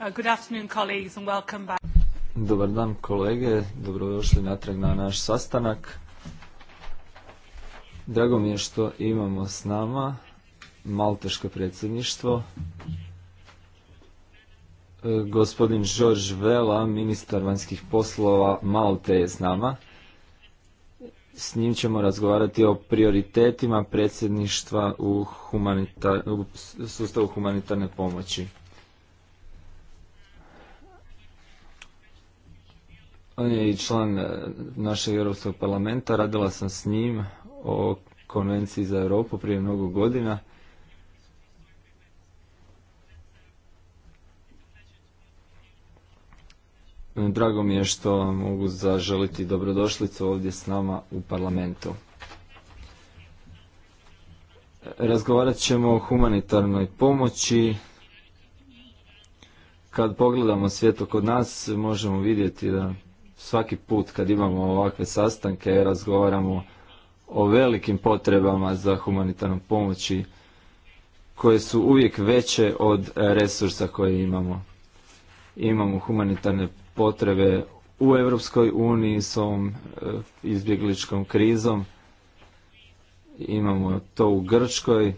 Uh, Dobar dan kolege, dobrodošli natrag na naš sastanak. Drago mi je što imamo s nama Malteško predsjedništvo. Uh, gospodin Žorž Vela, ministar vanjskih poslova Malte je s nama. S njim ćemo razgovarati o prioritetima predsjedništva u, u sustavu humanitarne pomoći. On je i član e, našeg Europskog parlamenta, radila sam s njim o konvenciji za Europu prije mnogo godina. Drago mi je što mogu zaželiti dobrodošlicu ovdje s nama u parlamentu. Razgovarat ćemo o humanitarnoj pomoći. Kad pogledamo svijet kod nas, možemo vidjeti da svaki put kad imamo ovakve sastanke razgovaramo o velikim potrebama za humanitarnom pomoći koje su uvijek veće od resursa koje imamo. Imamo humanitarne potrebe u Europskoj uniji s ovom e, izbjegličkom krizom. Imamo to u Grčkoj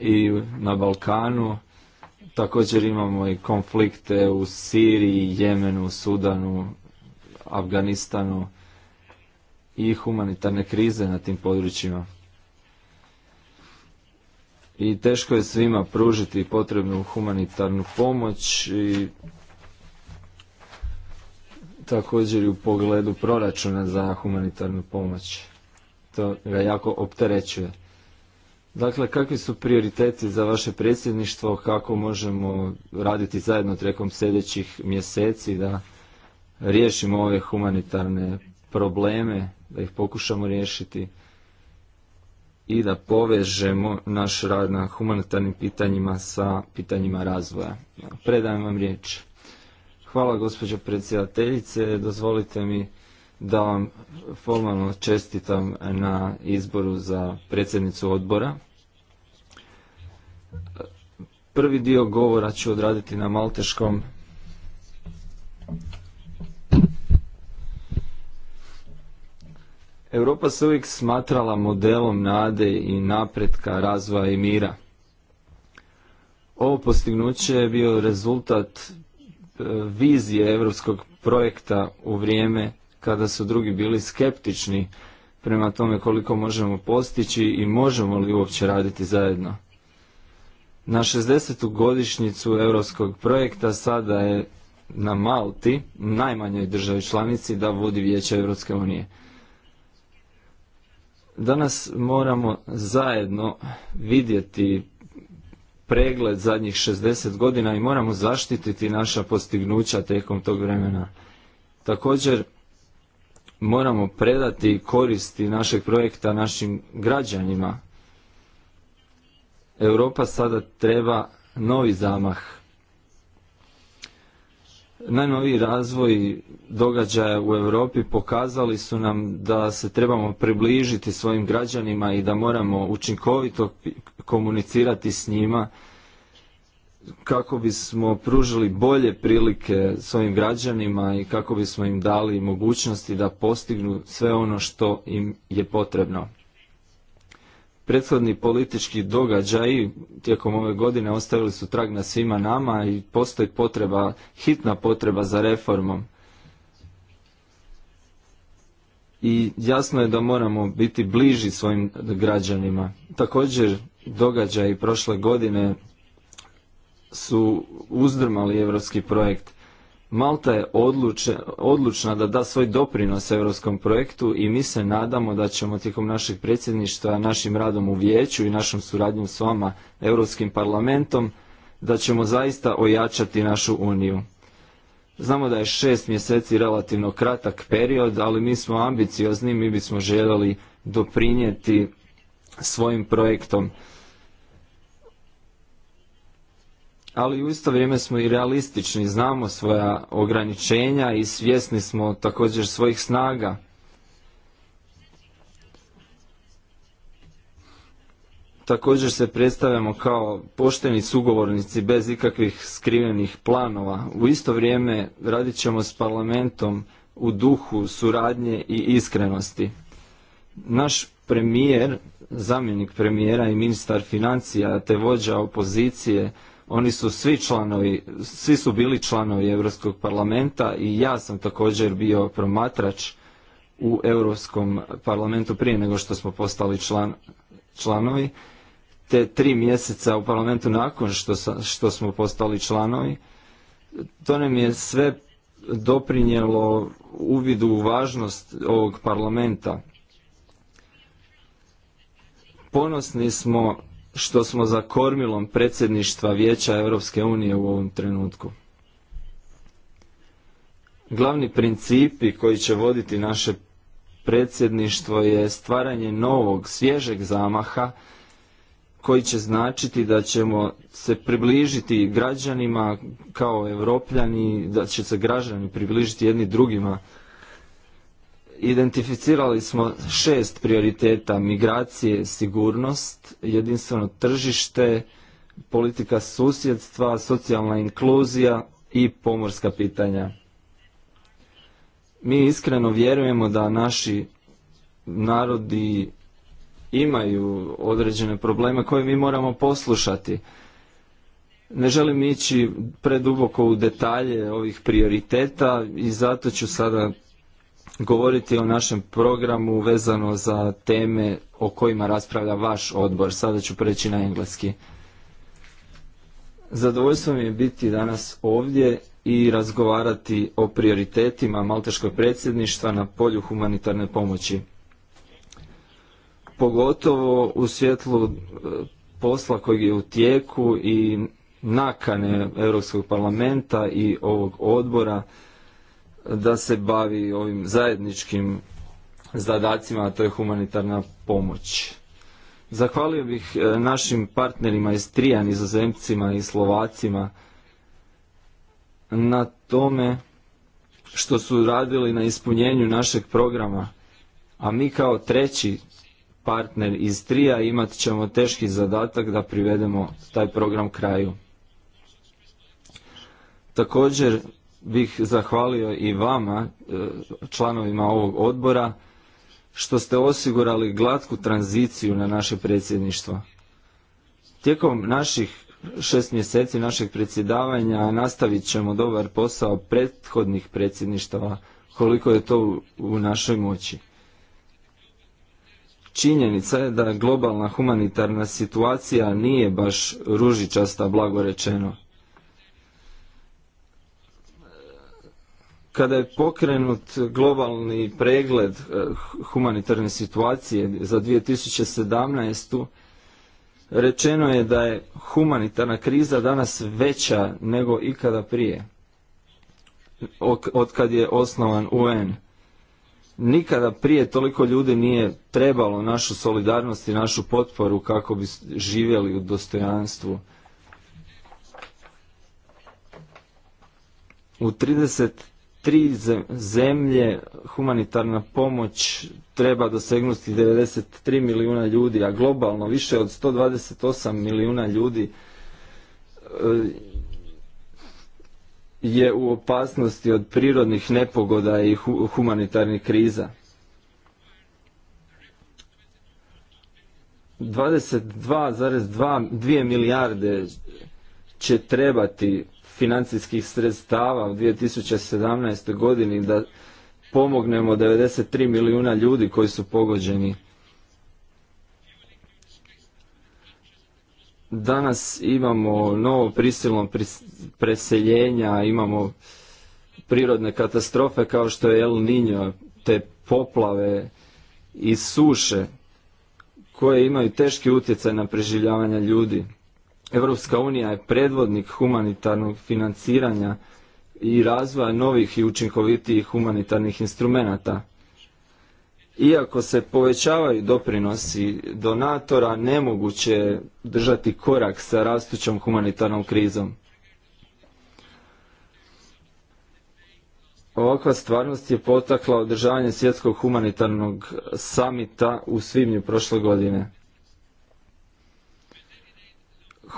i na Balkanu. Također imamo i konflikte u Siriji, Jemenu, Sudanu, Afganistanu i humanitarne krize na tim područjima. I teško je svima pružiti potrebnu humanitarnu pomoć i također i u pogledu proračuna za humanitarnu pomoć. To ga jako opterećuje. Dakle, kakvi su prioriteti za vaše predsjedništvo, kako možemo raditi zajedno tijekom sljedećih mjeseci da riješimo ove humanitarne probleme, da ih pokušamo riješiti i da povežemo naš rad na humanitarnim pitanjima sa pitanjima razvoja. Predajem vam riječ. Hvala gospođo predsjedateljice, dozvolite mi da vam formalno čestitam na izboru za predsjednicu odbora. Prvi dio govora ću odraditi na malteškom Europa se uvijek smatrala modelom nade i napretka, razvoja i mira. Ovo postignuće je bio rezultat e, vizije europskog projekta u vrijeme kada su drugi bili skeptični prema tome koliko možemo postići i možemo li uopće raditi zajedno. Na 60. godišnjicu europskog projekta sada je na Malti, najmanjoj državi članici, da vodi Vijeće Evropske unije. Danas moramo zajedno vidjeti pregled zadnjih 60 godina i moramo zaštititi naša postignuća tijekom tog vremena. Također moramo predati koristi našeg projekta našim građanima. Europa sada treba novi zamah Najnoviji razvoj događaja u Europi pokazali su nam da se trebamo približiti svojim građanima i da moramo učinkovito komunicirati s njima kako bismo pružili bolje prilike svojim građanima i kako bismo im dali mogućnosti da postignu sve ono što im je potrebno prethodni politički događaji tijekom ove godine ostavili su trag na svima nama i postoji potreba, hitna potreba za reformom. I jasno je da moramo biti bliži svojim građanima. Također događaji prošle godine su uzdrmali europski projekt. Malta je odlučna da da svoj doprinos europskom projektu i mi se nadamo da ćemo tijekom našeg predsjedništva, našim radom u vijeću i našom suradnjom s vama, Europskim parlamentom, da ćemo zaista ojačati našu uniju. Znamo da je šest mjeseci relativno kratak period, ali mi smo ambiciozni, mi bismo željeli doprinijeti svojim projektom ali u isto vrijeme smo i realistični, znamo svoja ograničenja i svjesni smo također svojih snaga. Također se predstavljamo kao pošteni sugovornici bez ikakvih skrivenih planova. U isto vrijeme radit ćemo s parlamentom u duhu suradnje i iskrenosti. Naš premijer, zamjenik premijera i ministar financija te vođa opozicije oni su svi članovi, svi su bili članovi Europskog parlamenta i ja sam također bio promatrač u Europskom parlamentu prije nego što smo postali članovi, te tri mjeseca u parlamentu nakon što, smo postali članovi. To nam je sve doprinjelo uvidu u važnost ovog parlamenta. Ponosni smo što smo za kormilom predsjedništva Vijeća Europske unije u ovom trenutku. Glavni principi koji će voditi naše predsjedništvo je stvaranje novog, svježeg zamaha koji će značiti da ćemo se približiti građanima kao evropljani, da će se građani približiti jedni drugima identificirali smo šest prioriteta migracije, sigurnost, jedinstveno tržište, politika susjedstva, socijalna inkluzija i pomorska pitanja. Mi iskreno vjerujemo da naši narodi imaju određene probleme koje mi moramo poslušati. Ne želim ići preduboko u detalje ovih prioriteta i zato ću sada govoriti o našem programu vezano za teme o kojima raspravlja vaš odbor. Sada ću preći na engleski. Zadovoljstvo mi je biti danas ovdje i razgovarati o prioritetima Malteškog predsjedništva na polju humanitarne pomoći. Pogotovo u svjetlu e, posla kojeg je u tijeku i nakane Europskog parlamenta i ovog odbora da se bavi ovim zajedničkim zadacima, a to je humanitarna pomoć. Zahvalio bih e, našim partnerima iz Trija, nizozemcima i Slovacima na tome što su radili na ispunjenju našeg programa, a mi kao treći partner iz Trija imat ćemo teški zadatak da privedemo taj program kraju. Također bih zahvalio i vama, e, članovima ovog odbora, što ste osigurali glatku tranziciju na naše predsjedništvo. Tijekom naših šest mjeseci našeg predsjedavanja nastavit ćemo dobar posao prethodnih predsjedništava koliko je to u našoj moći. Činjenica je da globalna humanitarna situacija nije baš ružičasta blagorečeno. rečeno. Kada je pokrenut globalni pregled eh, humanitarne situacije za 2017. rečeno je da je humanitarna kriza danas veća nego ikada prije, od kad je osnovan UN. Nikada prije toliko ljudi nije trebalo našu solidarnost i našu potporu kako bi živjeli u dostojanstvu. U 30 tri zemlje humanitarna pomoć treba dosegnuti 93 milijuna ljudi, a globalno više od 128 milijuna ljudi e, je u opasnosti od prirodnih nepogoda i humanitarnih kriza. 22,2 milijarde će trebati financijskih sredstava u 2017. godini da pomognemo 93 milijuna ljudi koji su pogođeni. Danas imamo novo prisilno preseljenja, imamo prirodne katastrofe kao što je El Niño, te poplave i suše koje imaju teški utjecaj na preživljavanje ljudi. Europska unija je predvodnik humanitarnog financiranja i razvoja novih i učinkovitijih humanitarnih instrumenata. Iako se povećavaju doprinosi donatora, nemoguće je držati korak sa rastućom humanitarnom krizom. Ovakva stvarnost je potakla održavanje svjetskog humanitarnog samita u svibnju prošle godine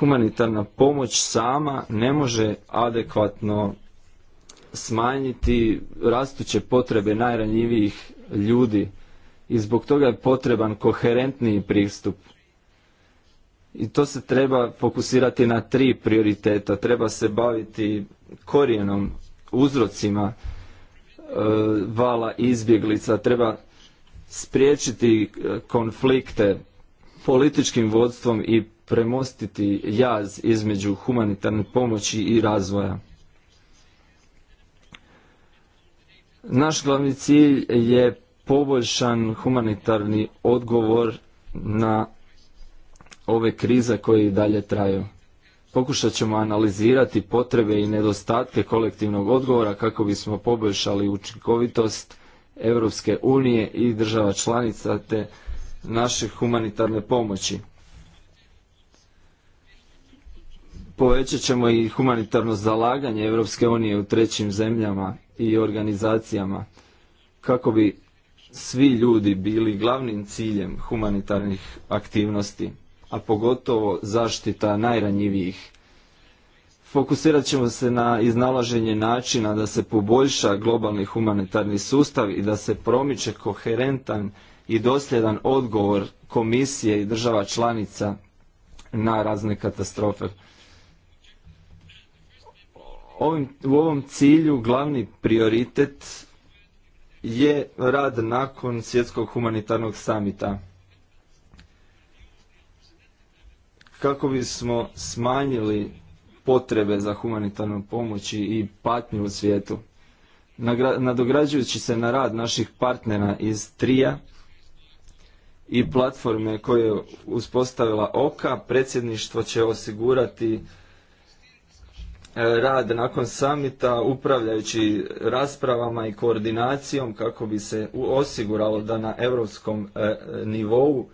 humanitarna pomoć sama ne može adekvatno smanjiti rastuće potrebe najranjivijih ljudi i zbog toga je potreban koherentniji pristup. I to se treba fokusirati na tri prioriteta. Treba se baviti korijenom, uzrocima e, vala izbjeglica. Treba spriječiti e, konflikte političkim vodstvom i premostiti jaz između humanitarne pomoći i razvoja. Naš glavni cilj je poboljšan humanitarni odgovor na ove krize koje i dalje traju. Pokušat ćemo analizirati potrebe i nedostatke kolektivnog odgovora kako bismo poboljšali učinkovitost Europske unije i država članica te naše humanitarne pomoći. povećat ćemo i humanitarno zalaganje Europske unije u trećim zemljama i organizacijama kako bi svi ljudi bili glavnim ciljem humanitarnih aktivnosti, a pogotovo zaštita najranjivijih. Fokusirat ćemo se na iznalaženje načina da se poboljša globalni humanitarni sustav i da se promiče koherentan i dosljedan odgovor komisije i država članica na razne katastrofe. Ovim, u ovom cilju glavni prioritet je rad nakon svjetskog humanitarnog samita. Kako bismo smanjili potrebe za humanitarnom pomoći i patnju u svijetu. Nadograđujući se na rad naših partnera iz Trija i platforme koje je uspostavila OKA, predsjedništvo će osigurati E, rad nakon samita upravljajući raspravama i koordinacijom kako bi se osiguralo da na europskom e, nivou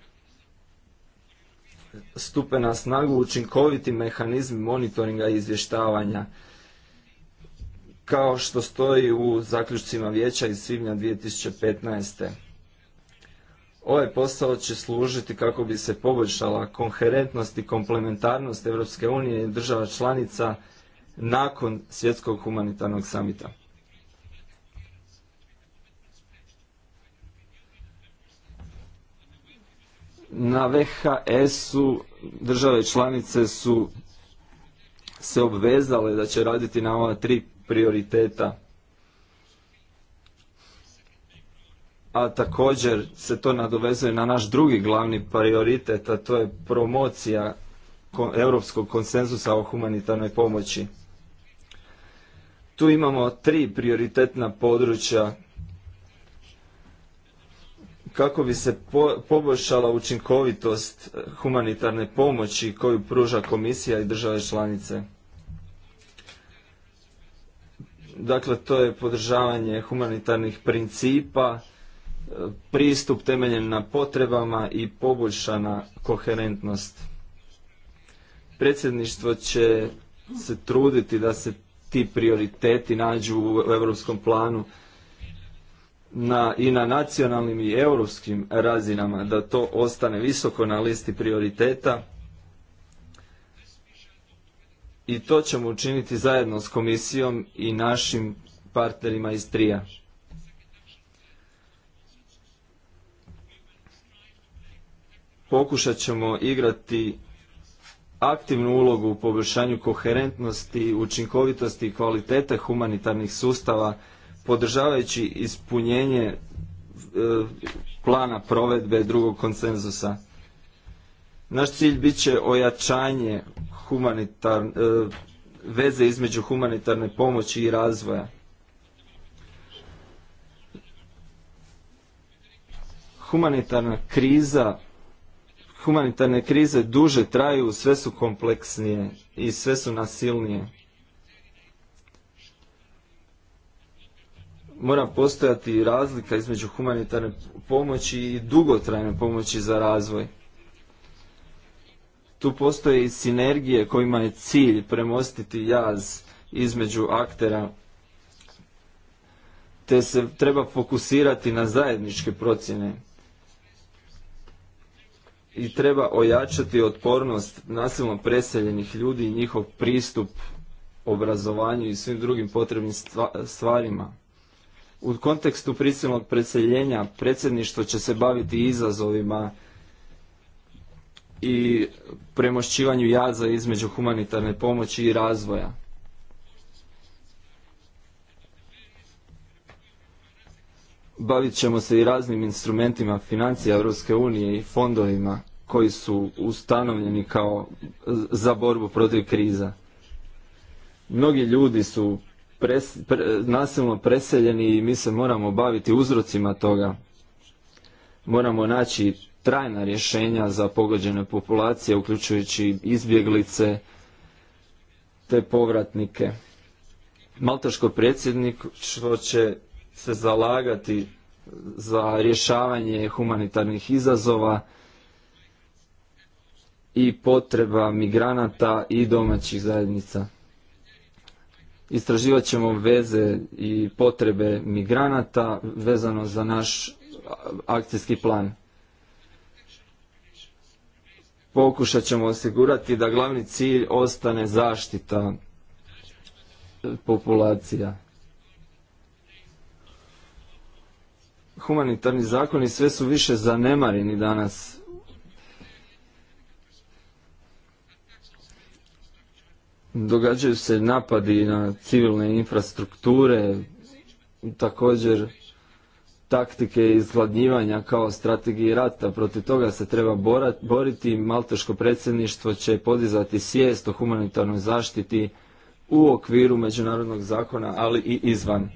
stupe na snagu učinkoviti mehanizmi monitoringa i izvještavanja kao što stoji u zaključcima vijeća iz svibnja 2015. Ovaj posao će služiti kako bi se poboljšala koherentnost i komplementarnost Europske unije i država članica nakon svjetskog humanitarnog samita. Na VHS-u države članice su se obvezale da će raditi na ova tri prioriteta. A također se to nadovezuje na naš drugi glavni prioritet, a to je promocija europskog konsenzusa o humanitarnoj pomoći. Tu imamo tri prioritetna područja kako bi se poboljšala učinkovitost eh, humanitarne pomoći koju pruža komisija i države članice. Dakle, to je podržavanje humanitarnih principa, eh, pristup temeljen na potrebama i poboljšana koherentnost. Predsjedništvo će se truditi da se ti prioriteti nađu u europskom planu na, i na nacionalnim i europskim razinama, da to ostane visoko na listi prioriteta. I to ćemo učiniti zajedno s komisijom i našim partnerima iz Trija. Pokušat ćemo igrati aktivnu ulogu u poboljšanju koherentnosti, učinkovitosti i kvalitete humanitarnih sustava, podržavajući ispunjenje e, plana provedbe drugog konsenzusa. Naš cilj bit će ojačanje e, veze između humanitarne pomoći i razvoja. Humanitarna kriza humanitarne krize duže traju, sve su kompleksnije i sve su nasilnije. Mora postojati razlika između humanitarne pomoći i dugotrajne pomoći za razvoj. Tu postoje i sinergije kojima je cilj premostiti jaz između aktera, te se treba fokusirati na zajedničke procjene i treba ojačati otpornost nasilno preseljenih ljudi i njihov pristup obrazovanju i svim drugim potrebnim stvarima. U kontekstu prisilnog preseljenja predsjedništvo će se baviti izazovima i premošćivanju jaza između humanitarne pomoći i razvoja. Bavit ćemo se i raznim instrumentima financija Europske unije i fondovima koji su ustanovljeni kao za borbu protiv kriza. Mnogi ljudi su pres, nasilno preseljeni i mi se moramo baviti uzrocima toga. Moramo naći trajna rješenja za pogođene populacije, uključujući izbjeglice te povratnike. Maltaško predsjednik. će se zalagati za rješavanje humanitarnih izazova i potreba migranata i domaćih zajednica. Istraživat ćemo veze i potrebe migranata vezano za naš akcijski plan. Pokušat ćemo osigurati da glavni cilj ostane zaštita populacija. humanitarni zakoni sve su više zanemareni danas. Događaju se napadi na civilne infrastrukture, također taktike izgladnjivanja kao strategiji rata. Protiv toga se treba boriti. Malteško predsjedništvo će podizati svijest o humanitarnoj zaštiti u okviru međunarodnog zakona, ali i izvan.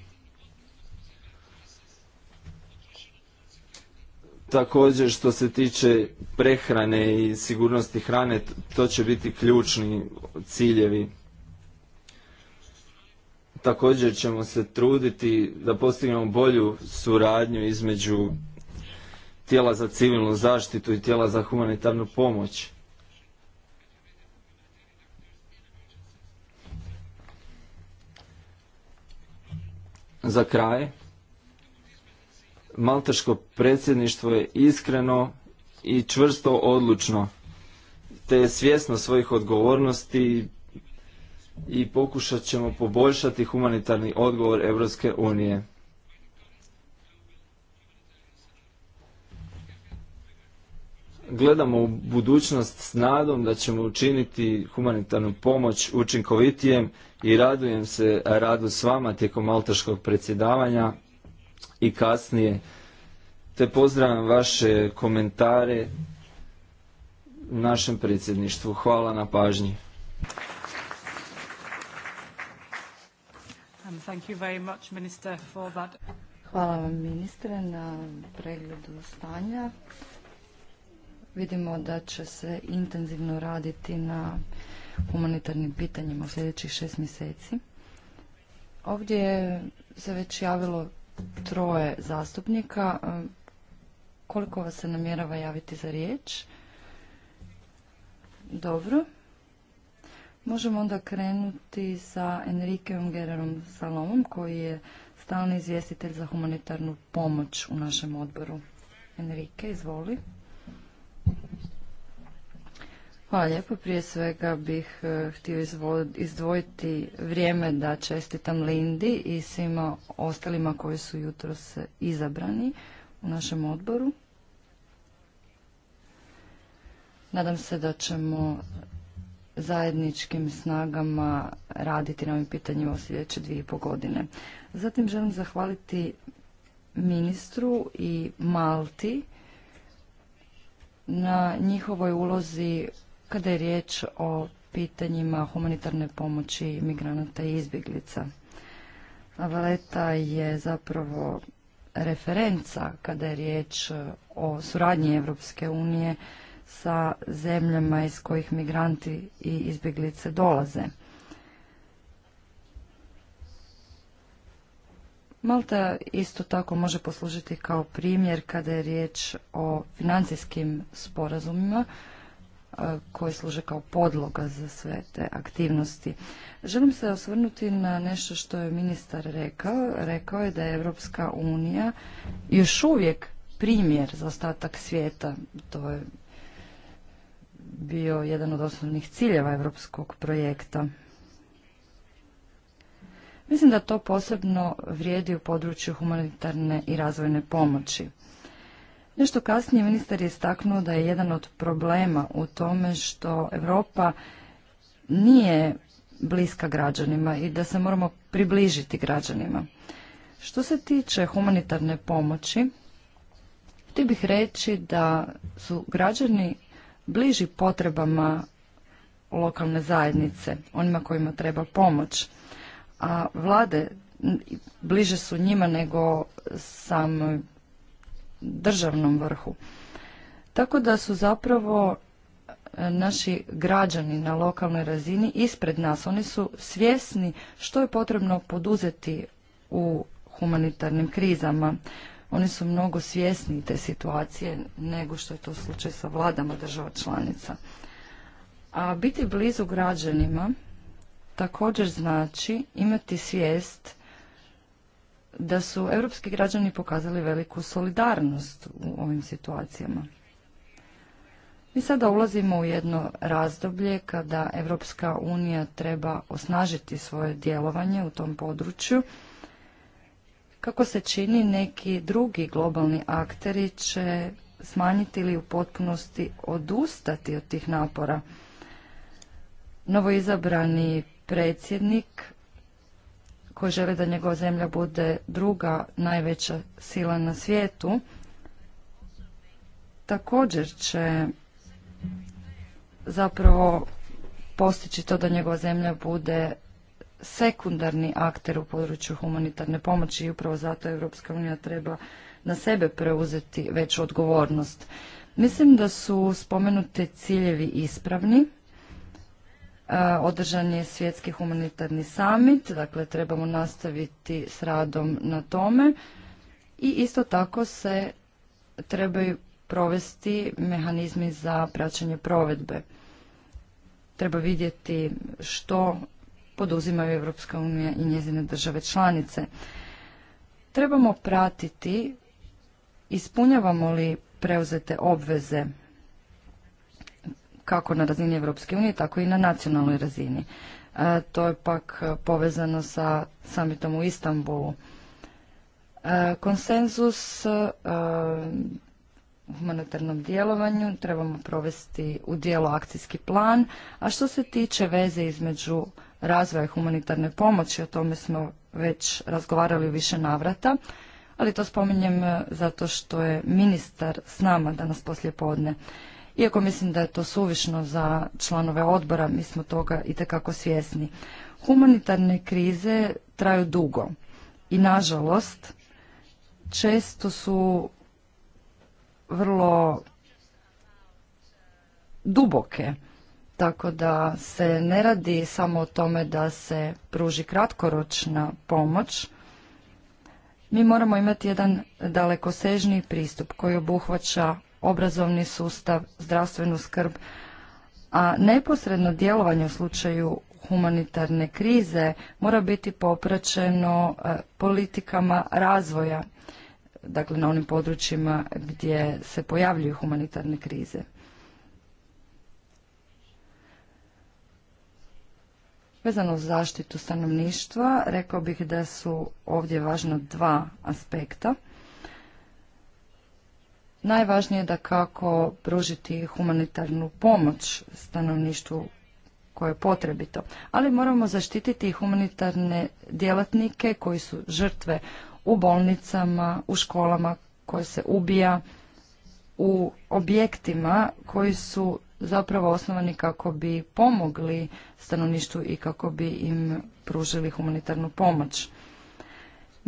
Također što se tiče prehrane i sigurnosti hrane, to će biti ključni ciljevi. Također ćemo se truditi da postignemo bolju suradnju između tijela za civilnu zaštitu i tijela za humanitarnu pomoć. Za kraj, Maltaško predsjedništvo je iskreno i čvrsto odlučno, te je svjesno svojih odgovornosti i pokušat ćemo poboljšati humanitarni odgovor Europske unije. Gledamo u budućnost s nadom da ćemo učiniti humanitarnu pomoć učinkovitijem i radujem se radu s vama tijekom maltaškog predsjedavanja i kasnije. Te pozdravljam vaše komentare našem predsjedništvu. Hvala na pažnji. Um, Hvala vam ministre na pregledu stanja. Vidimo da će se intenzivno raditi na humanitarnim pitanjima u sljedećih šest mjeseci. Ovdje se već javilo troje zastupnika. E, koliko vas se namjerava javiti za riječ? Dobro. Možemo onda krenuti sa Enrikeom Gererom Salomom koji je stalni izvjestitelj za humanitarnu pomoć u našem odboru. Enrike, izvoli. Hvala lijepo. Prije svega bih e, htio izdvojiti vrijeme da čestitam Lindi i svima ostalima koji su jutros izabrani u našem odboru. Nadam se da ćemo zajedničkim snagama raditi na ovim pitanjima u sljedeće dvije i po godine. Zatim želim zahvaliti ministru i Malti na njihovoj ulozi kada je riječ o pitanjima humanitarne pomoći migranata i izbjeglica. Valeta je zapravo referenca kada je riječ o suradnji Europske unije sa zemljama iz kojih migranti i izbjeglice dolaze. Malta isto tako može poslužiti kao primjer kada je riječ o financijskim sporazumima E, koji služe kao podloga za sve te aktivnosti. Želim se osvrnuti na nešto što je ministar rekao. Rekao je da je Europska unija još uvijek primjer za ostatak svijeta. To je bio jedan od osnovnih ciljeva europskog projekta. Mislim da to posebno vrijedi u području humanitarne i razvojne pomoći. Nešto kasnije ministar je istaknuo da je jedan od problema u tome što Europa nije bliska građanima i da se moramo približiti građanima. Što se tiče humanitarne pomoći, ti bih reći da su građani bliži potrebama lokalne zajednice, onima kojima treba pomoć, a vlade bliže su njima nego samoj državnom vrhu. Tako da su zapravo e, naši građani na lokalnoj razini ispred nas. Oni su svjesni što je potrebno poduzeti u humanitarnim krizama. Oni su mnogo svjesni te situacije nego što je to slučaj sa vladama država članica. A biti blizu građanima također znači imati svijest da su europski građani pokazali veliku solidarnost u ovim situacijama. Mi sada ulazimo u jedno razdoblje kada Europska unija treba osnažiti svoje djelovanje u tom području. Kako se čini, neki drugi globalni akteri će smanjiti ili u potpunosti odustati od tih napora. Novoizabrani predsjednik koji žele da njegova zemlja bude druga najveća sila na svijetu, također će zapravo postići to da njegova zemlja bude sekundarni akter u području humanitarne pomoći i upravo zato Europska unija treba na sebe preuzeti veću odgovornost. Mislim da su spomenuti ciljevi ispravni E, održan je svjetski humanitarni summit, dakle trebamo nastaviti s radom na tome i isto tako se trebaju provesti mehanizmi za praćenje provedbe. Treba vidjeti što poduzimaju Evropska unija i njezine države članice. Trebamo pratiti ispunjavamo li preuzete obveze kako na razini Evropske unije, tako i na nacionalnoj razini. E, to je pak povezano sa samitom u Istanbulu. E, konsenzus e, u humanitarnom djelovanju trebamo provesti u dijelo akcijski plan, a što se tiče veze između razvoja humanitarne pomoći, o tome smo već razgovarali u više navrata, ali to spominjem zato što je ministar s nama danas poslije podne. Iako mislim da je to suvišno za članove odbora, mi smo toga i tekako svjesni. Humanitarne krize traju dugo i nažalost često su vrlo duboke. Tako da se ne radi samo o tome da se pruži kratkoročna pomoć. Mi moramo imati jedan dalekosežni pristup koji obuhvaća obrazovni sustav, zdravstvenu skrb, a neposredno djelovanje u slučaju humanitarne krize mora biti popraćeno e, politikama razvoja, dakle na onim područjima gdje se pojavljuju humanitarne krize. Vezano za zaštitu stanovništva, rekao bih da su ovdje važna dva aspekta – Najvažnije je da kako pružiti humanitarnu pomoć stanovništvu koje je potrebito. Ali moramo zaštititi i humanitarne djelatnike koji su žrtve u bolnicama, u školama koje se ubija, u objektima koji su zapravo osnovani kako bi pomogli stanovništvu i kako bi im pružili humanitarnu pomoć.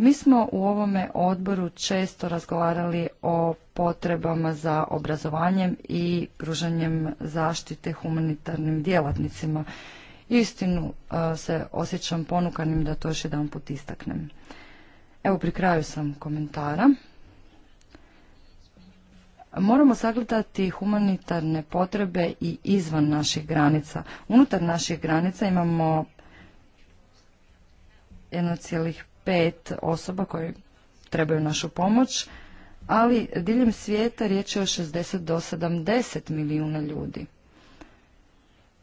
Mi smo u ovome odboru često razgovarali o potrebama za obrazovanjem i pružanjem zaštite humanitarnim djelatnicima. Istinu e, se osjećam ponukanim da to još jedan put istaknem. Evo pri kraju sam komentara. Moramo sagledati humanitarne potrebe i izvan naših granica. Unutar naših granica imamo pet osoba koje trebaju našu pomoć, ali diljem svijeta riječ je o 60 do 70 milijuna ljudi.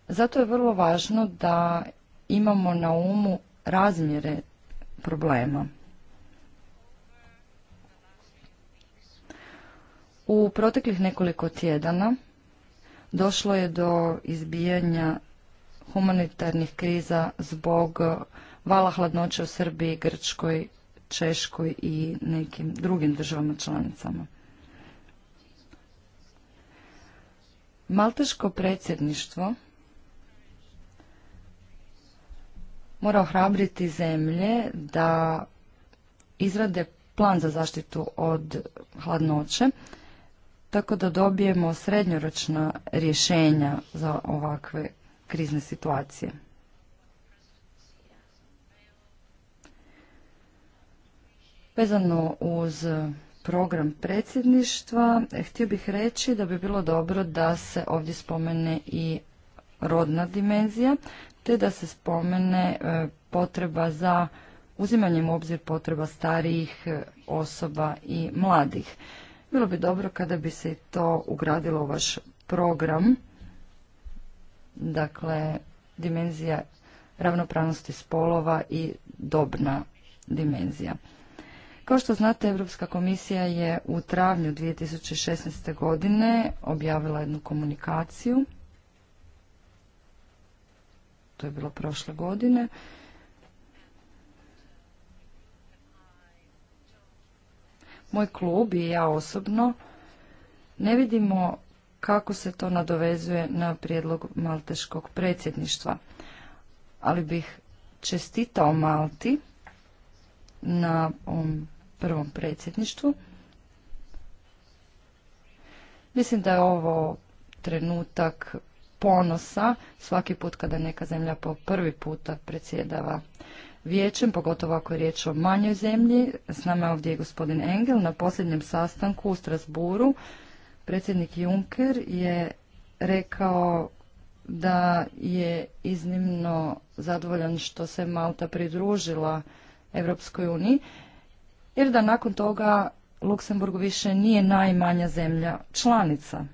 Zato je vrlo važno da imamo na umu razmjere problema. U proteklih nekoliko tjedana došlo je do izbijanja humanitarnih kriza zbog vala hladnoće u Srbiji, Grčkoj, Češkoj i nekim drugim državama članicama. Malteško predsjedništvo mora ohrabriti zemlje da izrade plan za zaštitu od hladnoće, tako da dobijemo srednjoročna rješenja za ovakve krizne situacije. Vezano uz program predsjedništva, e, htio bih reći da bi bilo dobro da se ovdje spomene i rodna dimenzija, te da se spomene e, potreba za uzimanjem u obzir potreba starijih e, osoba i mladih. Bilo bi dobro kada bi se to ugradilo u vaš program, dakle dimenzija ravnopravnosti spolova i dobna dimenzija. Kao što znate, Europska komisija je u travnju 2016. godine objavila jednu komunikaciju. To je bilo prošle godine. Moj klub i ja osobno ne vidimo kako se to nadovezuje na prijedlog malteškog predsjedništva. Ali bih čestitao Malti na ovom prvom predsjedništvu. Mislim da je ovo trenutak ponosa svaki put kada neka zemlja po prvi puta predsjedava vijećem, pogotovo ako je riječ o manjoj zemlji. S nama je ovdje je gospodin Engel na posljednjem sastanku u Strasburu. Predsjednik Juncker je rekao da je iznimno zadovoljan što se Malta pridružila Europskoj uniji jer da nakon toga Luksemburg više nije najmanja zemlja članica.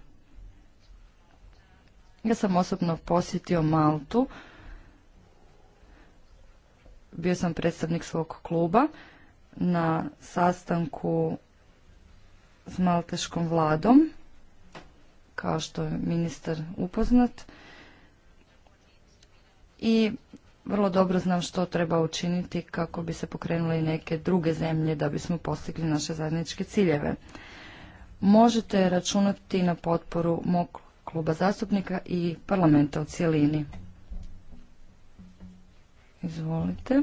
Ja sam osobno posjetio Maltu, bio sam predstavnik svog kluba na sastanku s malteškom vladom, kao što je ministar upoznat. I vrlo dobro znam što treba učiniti kako bi se pokrenule i neke druge zemlje da bismo postigli naše zajedničke ciljeve. Možete računati na potporu mog kluba zastupnika i parlamenta u cjelini. Izvolite.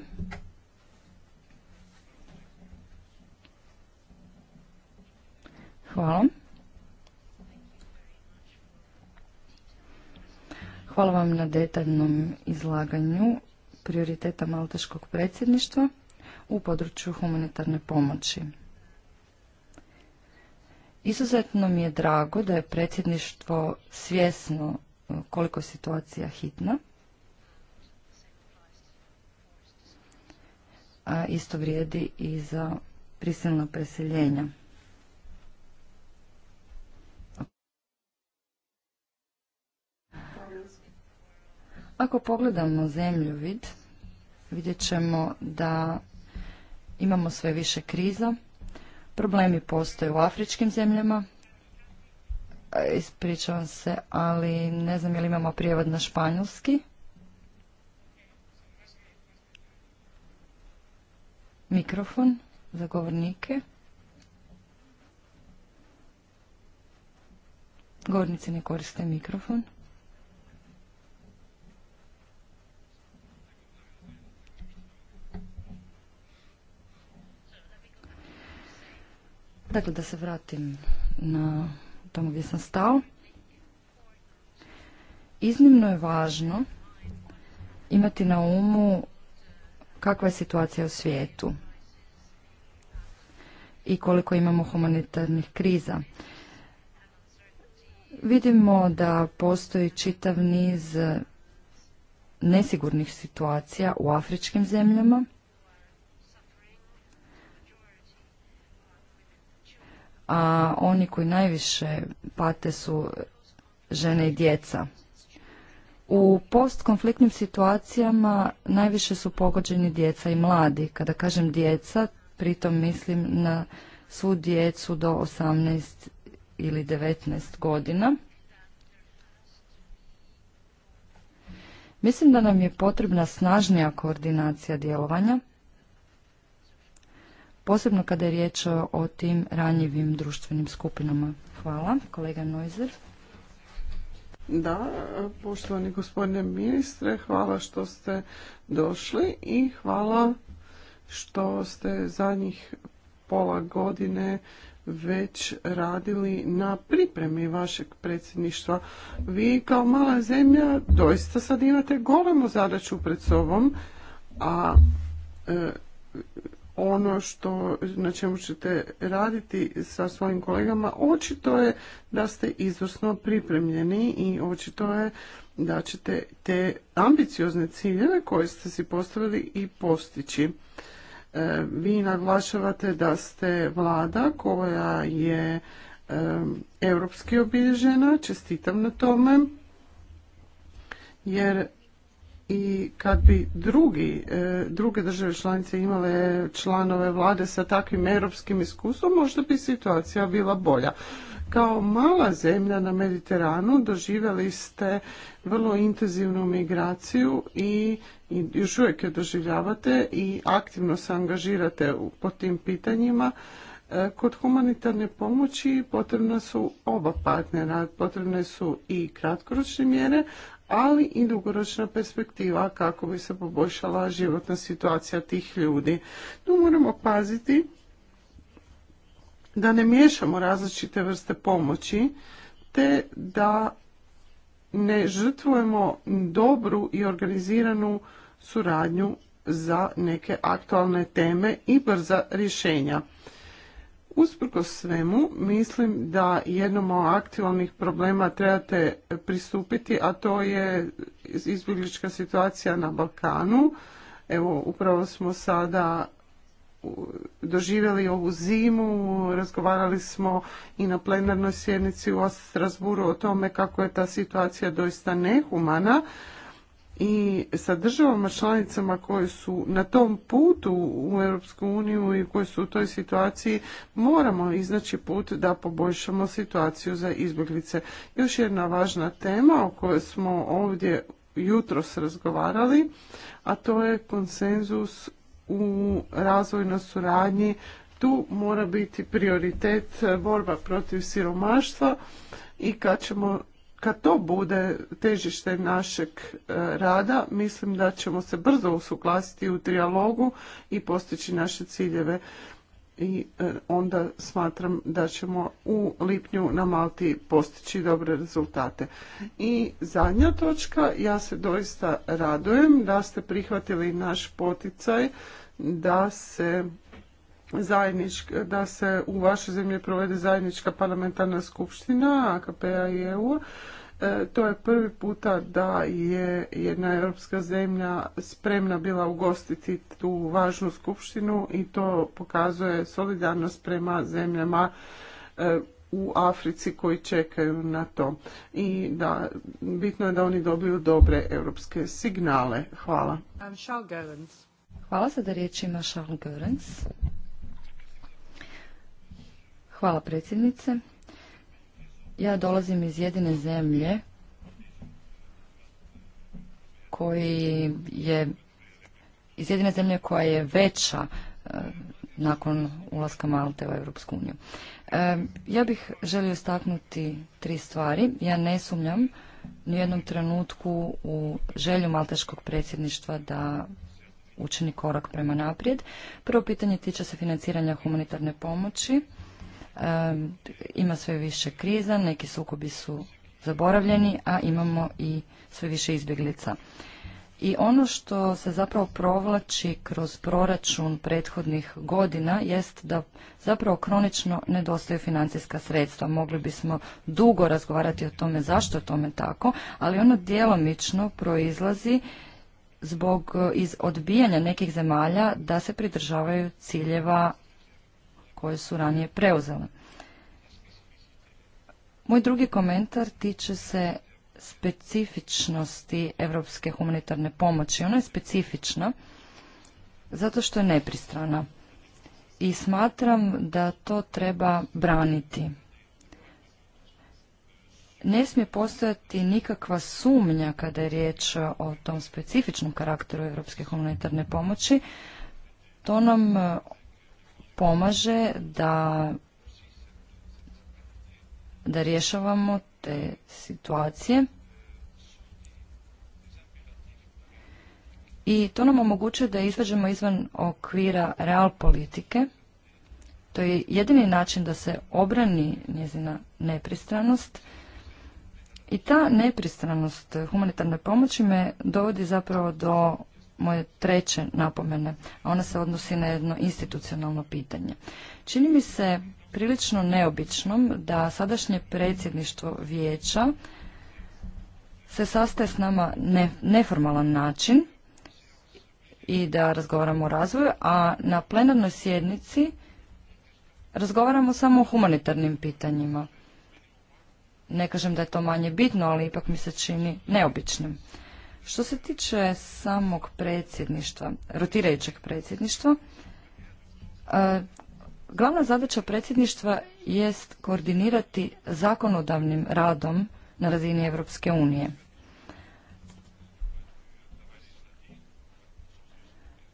Hvala. Hvala vam na detaljnom izlaganju prioriteta Malteškog predsjedništva u području humanitarne pomoći. Izuzetno mi je drago da je predsjedništvo svjesno e, koliko je situacija hitna. A isto vrijedi i za prisilno preseljenja. Ako pogledamo vid, vidjet ćemo da imamo sve više kriza. Problemi postoje u afričkim zemljama. Ispričavam se, ali ne znam je li imamo prijevod na španjolski. Mikrofon za govornike. Govornici ne koriste mikrofon. Dakle, da se vratim na tamo gdje sam stao. Iznimno je važno imati na umu kakva je situacija u svijetu i koliko imamo humanitarnih kriza. Vidimo da postoji čitav niz nesigurnih situacija u afričkim zemljama, a oni koji najviše pate su žene i djeca. U postkonfliktnim situacijama najviše su pogođeni djeca i mladi. Kada kažem djeca, pritom mislim na svu djecu do 18 ili 19 godina. Mislim da nam je potrebna snažnija koordinacija djelovanja posebno kada je riječ o tim ranjivim društvenim skupinama. Hvala. Kolega Noizer. Da, poštovani gospodine ministre, hvala što ste došli i hvala što ste zadnjih pola godine već radili na pripremi vašeg predsjedništva. Vi kao mala zemlja doista sad imate golemu zadaću pred sobom, a e, ono što, na čemu ćete raditi sa svojim kolegama, očito je da ste izvrsno pripremljeni i očito je da ćete te ambiciozne ciljeve koje ste si postavili i postići. E, vi naglašavate da ste vlada koja je europski obilježena, čestitam na tome, jer i kad bi drugi, e, druge države članice imale članove vlade sa takvim europskim iskustvom, možda bi situacija bila bolja. Kao mala zemlja na Mediteranu doživjeli ste vrlo intenzivnu migraciju i, još uvijek je doživljavate i aktivno se angažirate po tim pitanjima. E, kod humanitarne pomoći potrebna su oba partnera, potrebne su i kratkoročne mjere, ali i dugoročna perspektiva kako bi se poboljšala životna situacija tih ljudi. Tu moramo paziti da ne miješamo različite vrste pomoći, te da ne žrtvujemo dobru i organiziranu suradnju za neke aktualne teme i brza rješenja. Usprkos svemu, mislim da jednom od aktualnih problema trebate pristupiti, a to je izbjeglička situacija na Balkanu. Evo, upravo smo sada doživjeli ovu zimu, razgovarali smo i na plenarnoj sjednici u Strasburu o tome kako je ta situacija doista nehumana i sa državama članicama koje su na tom putu u Europsku uniju i koje su u toj situaciji moramo iznaći put da poboljšamo situaciju za izbjeglice. Još jedna važna tema o kojoj smo ovdje jutros razgovarali, a to je konsenzus u razvojnoj suradnji. Tu mora biti prioritet borba protiv siromaštva i kad ćemo kad to bude težište našeg e, rada, mislim da ćemo se brzo usuglasiti u trijalogu i postići naše ciljeve. I e, onda smatram da ćemo u lipnju na Malti postići dobre rezultate. I zadnja točka, ja se doista radujem da ste prihvatili naš poticaj da se zajednička, da se u vašoj zemlji provede zajednička parlamentarna skupština AKP-a i EU. E, to je prvi puta da je jedna europska zemlja spremna bila ugostiti tu važnu skupštinu i to pokazuje solidarnost prema zemljama e, u Africi koji čekaju na to. I da, bitno je da oni dobiju dobre europske signale. Hvala. Hvala sada riječ ima Charles Goerens. Hvala predsjednice. Ja dolazim iz jedine zemlje koji je iz jedine zemlje koja je veća e, nakon ulaska Malte u Europsku uniju. E, ja bih želio istaknuti tri stvari. Ja ne sumnjam ni u jednom trenutku u želju malteškog predsjedništva da učini korak prema naprijed. Prvo pitanje tiče se financiranja humanitarne pomoći ima sve više kriza, neki sukobi su zaboravljeni, a imamo i sve više izbjeglica. I ono što se zapravo provlači kroz proračun prethodnih godina jest da zapravo kronično nedostaju financijska sredstva. Mogli bismo dugo razgovarati o tome zašto je tome tako, ali ono djelomično proizlazi zbog iz odbijanja nekih zemalja da se pridržavaju ciljeva koje su ranije preuzele. Moj drugi komentar tiče se specifičnosti europske humanitarne pomoći. Ona je specifična zato što je nepristrana i smatram da to treba braniti. Ne smije postojati nikakva sumnja kada je riječ o tom specifičnom karakteru Evropske humanitarne pomoći. To nam pomaže da da rješavamo te situacije. I to nam omogućuje da izađemo izvan okvira real politike. To je jedini način da se obrani njezina nepristranost. I ta nepristranost humanitarne pomoći me dovodi zapravo do moje treće napomene, a ona se odnosi na jedno institucionalno pitanje. Čini mi se prilično neobičnom da sadašnje predsjedništvo vijeća se sastaje s nama neformalan način i da razgovaramo o razvoju, a na plenarnoj sjednici razgovaramo samo o humanitarnim pitanjima. Ne kažem da je to manje bitno, ali ipak mi se čini neobičnim. Što se tiče samog predsjedništva, rotirajućeg predsjedništva, e, glavna zadaća predsjedništva jest koordinirati zakonodavnim radom na razini Evropske unije.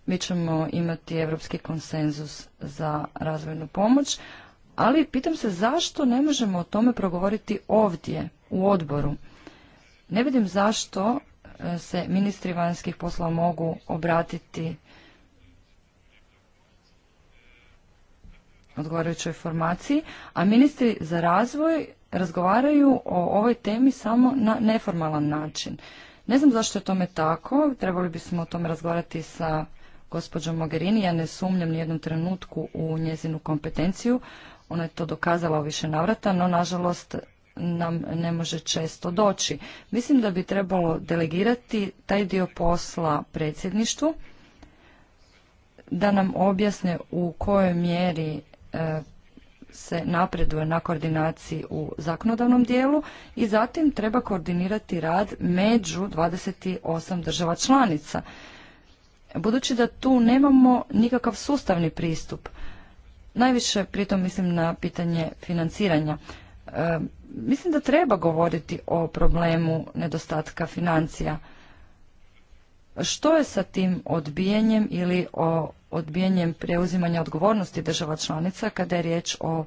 Mi ćemo imati europski konsenzus za razvojnu pomoć, ali pitam se zašto ne možemo o tome progovoriti ovdje, u odboru. Ne vidim zašto se ministri vanjskih poslova mogu obratiti odgovarajućoj formaciji, a ministri za razvoj razgovaraju o ovoj temi samo na neformalan način. Ne znam zašto je tome tako, trebali bismo o tome razgovarati sa gospođom Mogherini, ja ne sumnjam ni jednom trenutku u njezinu kompetenciju, ona je to dokazala u više navrata, no nažalost nam ne može često doći. Mislim da bi trebalo delegirati taj dio posla predsjedništvu da nam objasne u kojoj mjeri e, se napreduje na koordinaciji u zakonodavnom dijelu i zatim treba koordinirati rad među 28 država članica. Budući da tu nemamo nikakav sustavni pristup, najviše pritom mislim na pitanje financiranja mislim da treba govoriti o problemu nedostatka financija. Što je sa tim odbijanjem ili o odbijanjem preuzimanja odgovornosti država članica kada je riječ o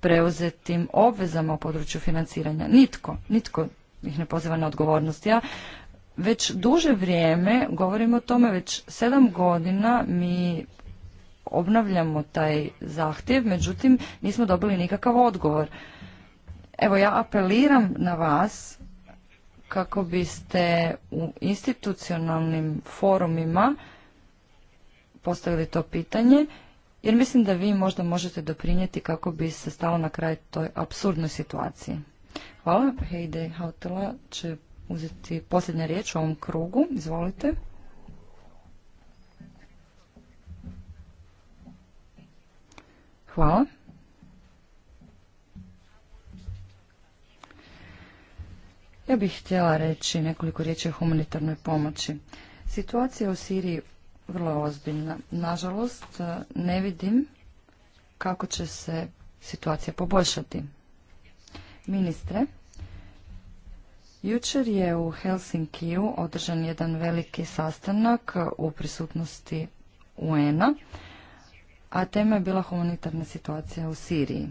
preuzetim obvezama u području financiranja? Nitko, nitko ih ne poziva na odgovornost. Ja već duže vrijeme govorim o tome, već sedam godina mi obnavljamo taj zahtjev, međutim nismo dobili nikakav odgovor. Evo ja apeliram na vas kako biste u institucionalnim forumima postavili to pitanje, jer mislim da vi možda možete doprinijeti kako bi se stalo na kraj toj apsurdnoj situaciji. Hvala. Heide Hautela će uzeti posljednja riječ u ovom krugu. Izvolite. Hvala. Ja bih htjela reći nekoliko riječi o humanitarnoj pomoći. Situacija u Siriji vrlo ozbiljna. Nažalost, ne vidim kako će se situacija poboljšati. Ministre, jučer je u Helsinkiju održan jedan veliki sastanak u prisutnosti UN-a, a tema je bila humanitarna situacija u Siriji.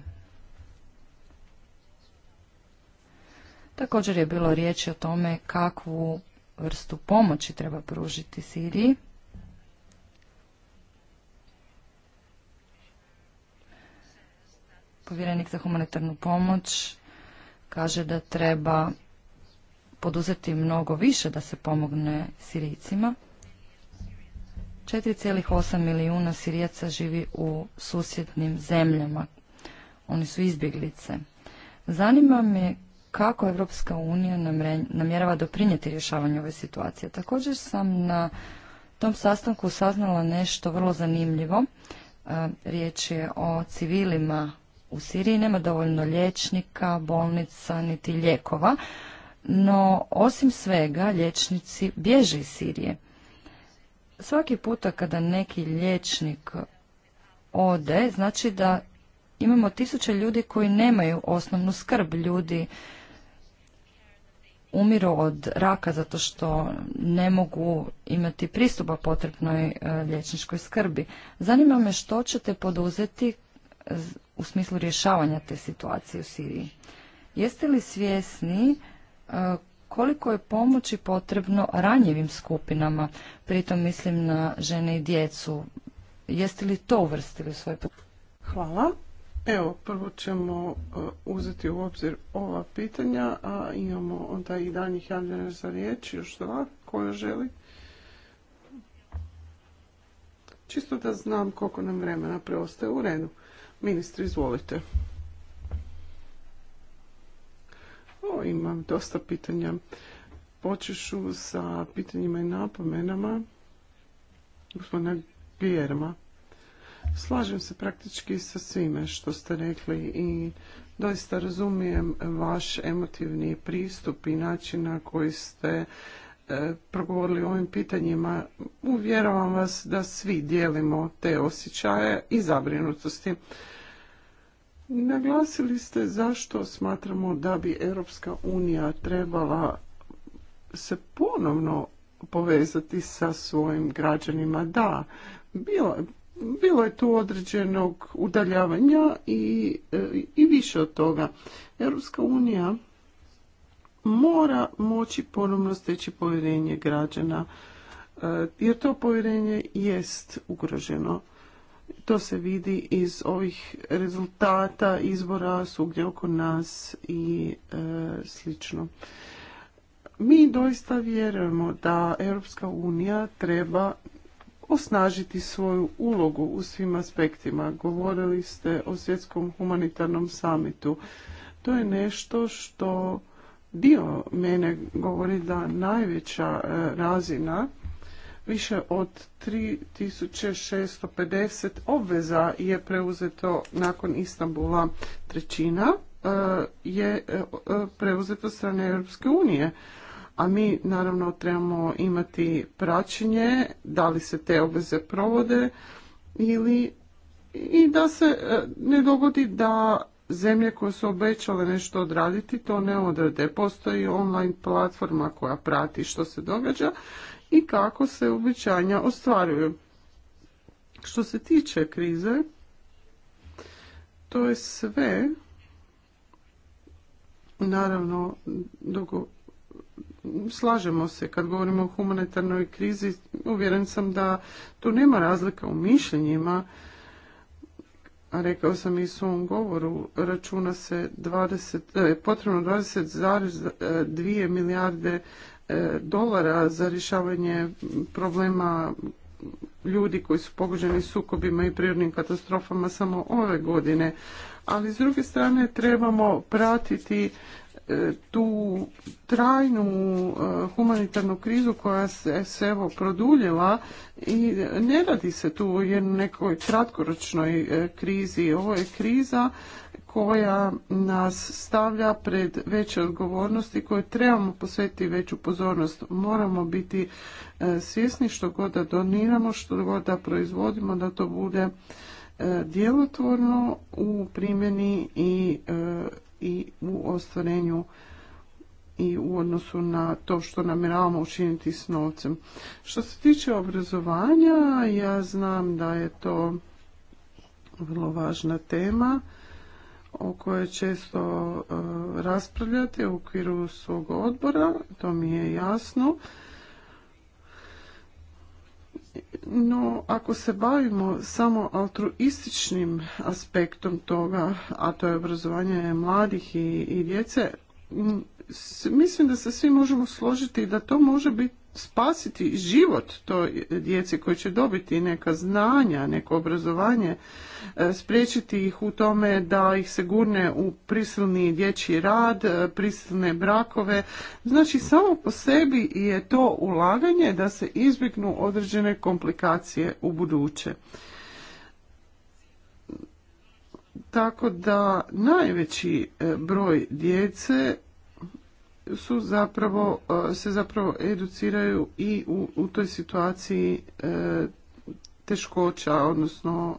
Također je bilo riječi o tome kakvu vrstu pomoći treba pružiti Siriji. Povjerenik za humanitarnu pomoć kaže da treba poduzeti mnogo više da se pomogne Sirijcima. 4,8 milijuna Sirijaca živi u susjednim zemljama. Oni su izbjeglice. Zanima me kako Evropska unija namjerava doprinijeti rješavanju ove situacije. Također sam na tom sastanku saznala nešto vrlo zanimljivo. E, riječ je o civilima u Siriji, nema dovoljno liječnika, bolnica, niti lijekova, no osim svega liječnici bježe iz Sirije. Svaki puta kada neki liječnik ode, znači da imamo tisuće ljudi koji nemaju osnovnu skrb, ljudi umiru od raka zato što ne mogu imati pristupa potrebnoj e, liječničkoj skrbi. Zanima me što ćete poduzeti u smislu rješavanja te situacije u Siriji. Jeste li svjesni e, koliko je pomoći potrebno ranjivim skupinama, pritom mislim na žene i djecu. Jeste li to uvrstili u svoj Hvala. Evo, prvo ćemo e, uzeti u obzir ova pitanja, a imamo onda i danjih javljanja za riječ, još dva, koja želi. Čisto da znam koliko nam vremena preostaje u redu. Ministri, izvolite. O, imam dosta pitanja. Počešu sa pitanjima i napomenama gospodina Guillerma. Slažem se praktički sa svime što ste rekli i doista razumijem vaš emotivni pristup i način na koji ste e, progovorili o ovim pitanjima. Uvjeravam vas da svi dijelimo te osjećaje i zabrinutosti. Naglasili ste zašto smatramo da bi Europska unija trebala se ponovno povezati sa svojim građanima. Da, bilo, bilo je tu određenog udaljavanja i, e, i više od toga. Europska unija mora moći ponovno steći povjerenje građana e, jer to povjerenje jest ugroženo. To se vidi iz ovih rezultata izbora svugdje oko nas i e, slično. Mi doista vjerujemo da Europska unija treba osnažiti svoju ulogu u svim aspektima. Govorili ste o svjetskom humanitarnom samitu. To je nešto što dio mene govori da najveća e, razina više od 3650 obveza je preuzeto nakon Istanbula trećina e, je e, preuzeto strane Europske unije a mi naravno trebamo imati praćenje da li se te obveze provode ili i da se e, ne dogodi da zemlje koje su obećale nešto odraditi to ne odrade. Postoji online platforma koja prati što se događa i kako se obećanja ostvaruju. Što se tiče krize, to je sve. Naravno, slažemo se kad govorimo o humanitarnoj krizi, uvjeren sam da tu nema razlika u mišljenjima, a rekao sam i u svom govoru, računa se 20, eh, potrebno 20,2 e, milijarde e, dolara za rješavanje problema ljudi koji su pogođeni sukobima i prirodnim katastrofama samo ove godine. Ali s druge strane trebamo pratiti E, tu trajnu e, humanitarnu krizu koja se, evo produljila i ne radi se tu o nekoj kratkoročnoj e, krizi. Ovo je kriza koja nas stavlja pred veće odgovornosti koje trebamo posvetiti veću pozornost. Moramo biti svjesni što god da doniramo, što god da proizvodimo, da to bude djelotvorno u primjeni i i u ostvarenju i u odnosu na to što namjeravamo učiniti s novcem. Što se tiče obrazovanja, ja znam da je to vrlo važna tema o kojoj često e, raspravljate u okviru svog odbora, to mi je jasno no ako se bavimo samo altruističnim aspektom toga, a to je obrazovanje mladih i, djece, mislim da se svi možemo složiti da to može biti spasiti život to djece koji će dobiti neka znanja, neko obrazovanje, e, spriječiti ih u tome da ih se gurne u prisilni dječji rad, e, prisilne brakove. Znači samo po sebi je to ulaganje da se izbjegnu određene komplikacije u buduće. Tako da najveći e, broj djece su zapravo, e, se zapravo educiraju i u, u toj situaciji e, teškoća, odnosno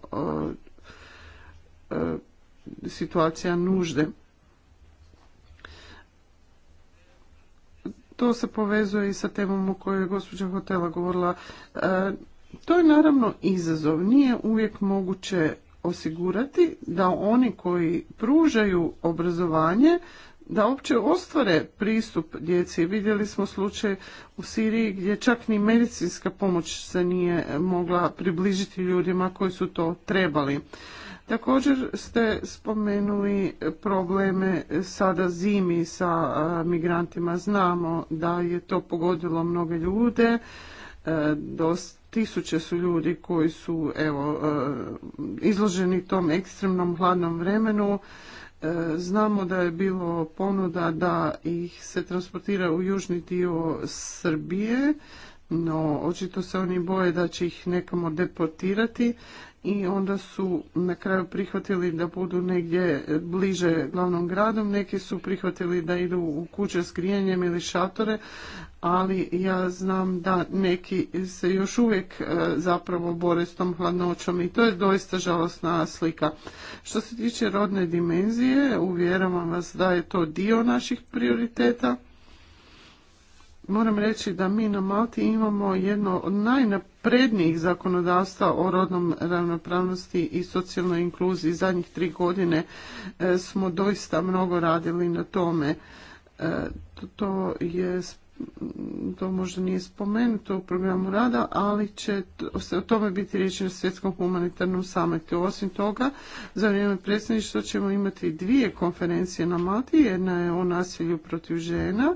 e, situacija nužde. To se povezuje i sa temom o kojoj je gospođa Hotela govorila. To je naravno izazov. Nije uvijek moguće osigurati da oni koji pružaju obrazovanje da uopće ostvare pristup djeci. Vidjeli smo slučaj u Siriji gdje čak ni medicinska pomoć se nije mogla približiti ljudima koji su to trebali. Također ste spomenuli probleme sada zimi sa migrantima. Znamo da je to pogodilo mnoge ljude. E, Dos tisuće su ljudi koji su evo, e, izloženi tom ekstremnom hladnom vremenu E, znamo da je bilo ponuda da ih se transportira u južni dio Srbije, no očito se oni boje da će ih nekamo deportirati i onda su na kraju prihvatili da budu negdje bliže glavnom gradu, neki su prihvatili da idu u kuće s grijanjem ili šatore, ali ja znam da neki se još uvijek e, zapravo bore s tom hladnoćom i to je doista žalosna slika. Što se tiče rodne dimenzije, uvjeravam vas da je to dio naših prioriteta moram reći da mi na Malti imamo jedno od najnaprednijih zakonodavstva o rodnom ravnopravnosti i socijalnoj inkluziji. Zadnjih tri godine e, smo doista mnogo radili na tome. E, to je to možda nije spomenuto u programu rada, ali će o tome biti riječi na svjetskom humanitarnom sametu. Osim toga, za vrijeme predsjedništva ćemo imati dvije konferencije na Malti. Jedna je o nasilju protiv žena,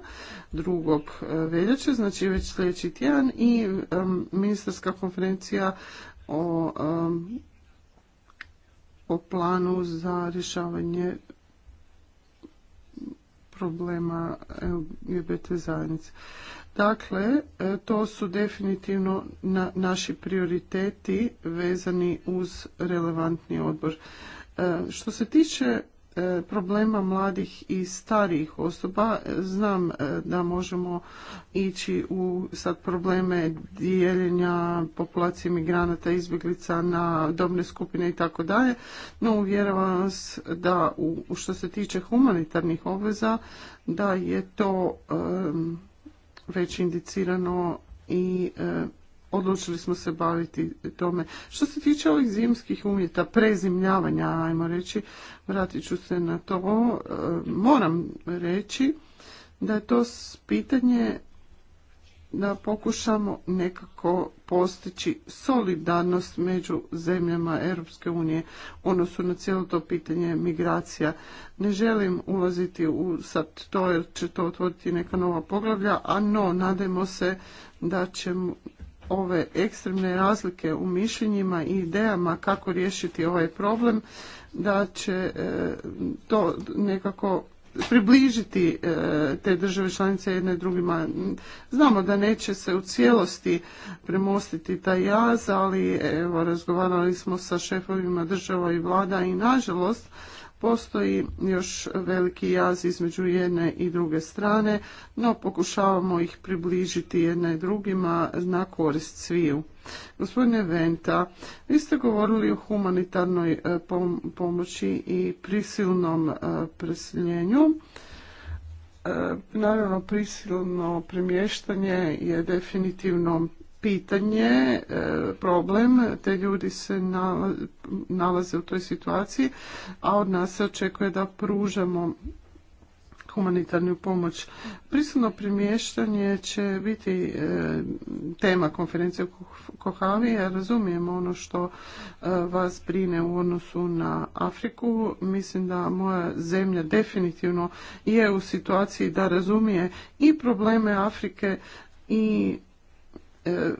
drugog e, veljače, znači već sljedeći tjedan i ministarska konferencija o o planu za rješavanje problema LGBT zajednice. Dakle, e, to su definitivno na naši prioriteti vezani uz relevantni odbor. E, što se tiče E, problema mladih i starijih osoba. E, znam e, da možemo ići u sad probleme dijeljenja populacije migranata, izbjeglica na dobne skupine i tako dalje, no uvjeravam vas da u, što se tiče humanitarnih obveza da je to već indicirano i odlučili smo se baviti tome. Što se tiče ovih zimskih umjeta, prezimljavanja, ajmo reći, vratit ću se na to, e, moram reći da je to pitanje da pokušamo nekako postići solidarnost među zemljama Europske unije odnosu na cijelo to pitanje migracija. Ne želim ulaziti u sad to jer će to otvoriti neka nova poglavlja, a no, nadajmo se da ćemo ove ekstremne razlike u mišljenjima i idejama kako riješiti ovaj problem, da će e, to nekako približiti e, te države članice jedne drugima. Znamo da neće se u cijelosti premostiti taj jaz, ali evo razgovarali smo sa šefovima država i vlada i nažalost Postoji još veliki jaz između jedne i druge strane, no pokušavamo ih približiti jedna i drugima na korist sviju. Gospodine Venta, vi ste govorili o humanitarnoj e, pomoći i prisilnom e, preseljenju. E, naravno, prisilno premještanje je definitivno pitanje, e, problem, te ljudi se nalaze u toj situaciji, a od nas se očekuje da pružamo humanitarnu pomoć. prisutno primještanje će biti e, tema konferencije u Kohavi. Ja razumijem ono što e, vas brine u odnosu na Afriku. Mislim da moja zemlja definitivno je u situaciji da razumije i probleme Afrike i E,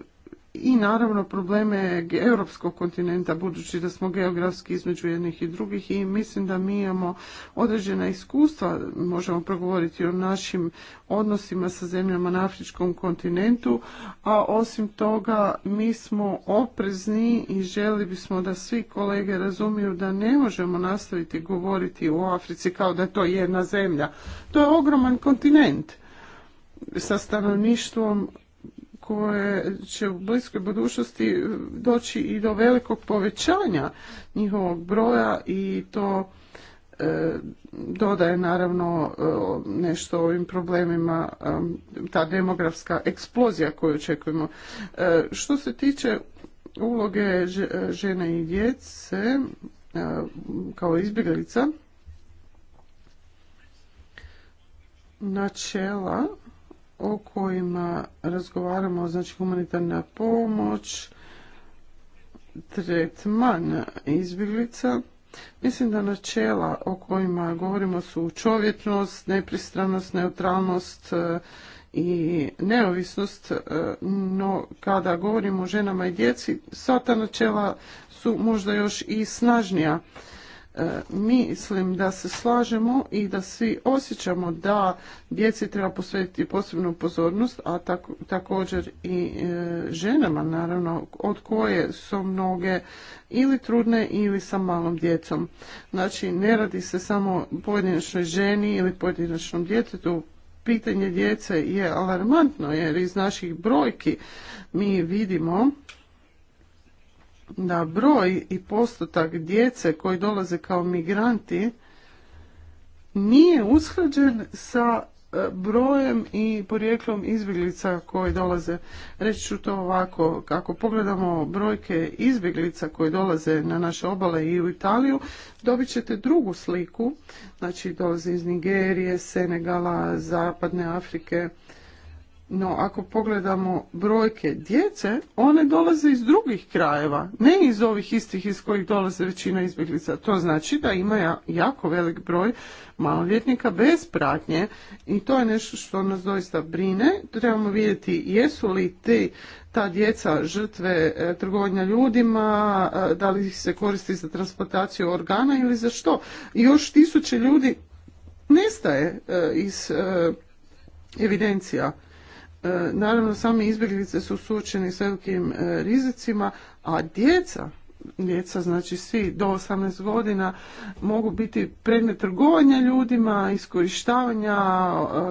i naravno probleme europskog kontinenta budući da smo geografski između jednih i drugih i mislim da mi imamo određena iskustva, možemo progovoriti o našim odnosima sa zemljama na afričkom kontinentu, a osim toga mi smo oprezni i želi bismo da svi kolege razumiju da ne možemo nastaviti govoriti o Africi kao da je to jedna zemlja. To je ogroman kontinent sa stanovništvom koje će u bliskoj budućnosti doći i do velikog povećanja njihovog broja i to e, dodaje naravno e, nešto ovim problemima e, ta demografska eksplozija koju očekujemo. Što se tiče uloge žene i djece kao izbjeglica, načela o kojima razgovaramo, znači humanitarna pomoć, tretman izbjeglica. Mislim da načela o kojima govorimo su čovjetnost nepristranost, neutralnost e, i neovisnost, e, no kada govorimo o ženama i djeci, sva ta načela su možda još i snažnija E, mislim da se slažemo i da svi osjećamo da djeci treba posvetiti posebnu pozornost, a također i e, ženama naravno od koje su mnoge ili trudne ili sa malom djecom. Znači ne radi se samo pojedinačnoj ženi ili pojedinačnom djetetu, pitanje djece je alarmantno jer iz naših brojki mi vidimo da broj i postotak djece koji dolaze kao migranti nije usklađen sa e, brojem i porijeklom izbjeglica koji dolaze. Reći ću to ovako, ako pogledamo brojke izbjeglica koji dolaze na naše obale i u Italiju, dobit ćete drugu sliku, znači dolaze iz Nigerije, Senegala, Zapadne Afrike, no, ako pogledamo brojke djece, one dolaze iz drugih krajeva, ne iz ovih istih iz kojih dolaze većina izbjeglica. To znači da ima jako velik broj maloljetnika bez pratnje i to je nešto što nas doista brine. Trebamo vidjeti jesu li te ta djeca žrtve e, trgovanja ljudima, e, da li ih se koristi za transportaciju organa ili za što. Još tisuće ljudi nestaje e, iz evidencija E, naravno sami izbjeglice su suočeni s velikim e, rizicima, a djeca djeca, znači svi do 18 godina mogu biti predmet trgovanja ljudima, iskorištavanja e,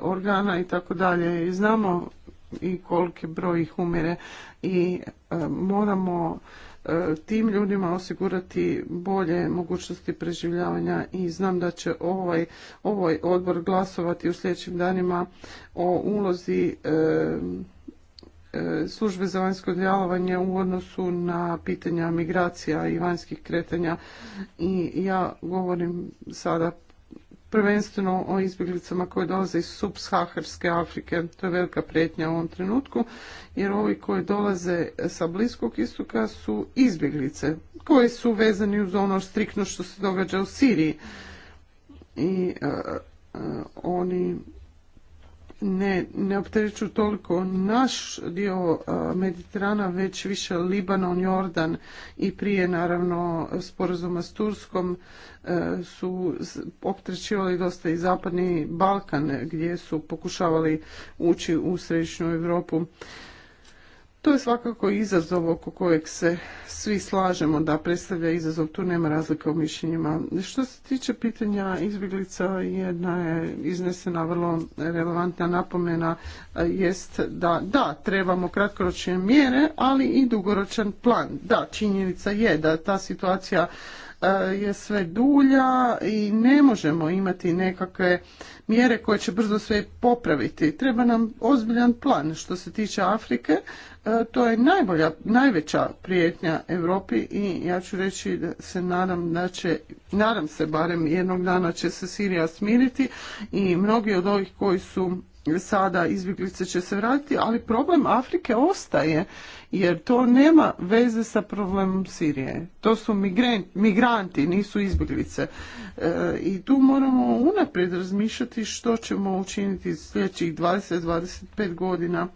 organa i tako dalje. Znamo i koliki broj ih umire i moramo tim ljudima osigurati bolje mogućnosti preživljavanja i znam da će ovaj, ovaj odbor glasovati u sljedećim danima o ulozi e, e, službe za vanjsko djelovanje u odnosu na pitanja migracija i vanjskih kretanja i ja govorim sada prvenstveno o izbjeglicama koje dolaze iz subsaharske Afrike. To je velika prijetnja u ovom trenutku, jer ovi koji dolaze sa Bliskog istoka su izbjeglice, koji su vezani uz ono striktno što se događa u Siriji. I e, e, oni ne, ne opterećuju toliko naš dio Mediterana, već više Libanon, Jordan i prije naravno sporazuma s Turskom e, su opterećivali dosta i zapadni Balkan gdje su pokušavali ući u središnju Europu. To je svakako izazov oko kojeg se svi slažemo da predstavlja izazov, tu nema razlika u mišljenjima. Što se tiče pitanja izbjeglica, jedna je iznesena vrlo relevantna napomena, jest da da, trebamo kratkoročne mjere, ali i dugoročan plan. Da, činjenica je da ta situacija E, je sve dulja i ne možemo imati nekakve mjere koje će brzo sve popraviti. Treba nam ozbiljan plan što se tiče Afrike. E, to je najbolja, najveća prijetnja Europi i ja ću reći da se nadam da će, nadam se barem jednog dana će se Sirija smiriti i mnogi od ovih koji su sada izbjeglice će se vratiti, ali problem Afrike ostaje jer to nema veze sa problemom Sirije. To su migranti, nisu izbjeglice. E, I tu moramo unaprijed razmišljati što ćemo učiniti sljedećih 20-25 godina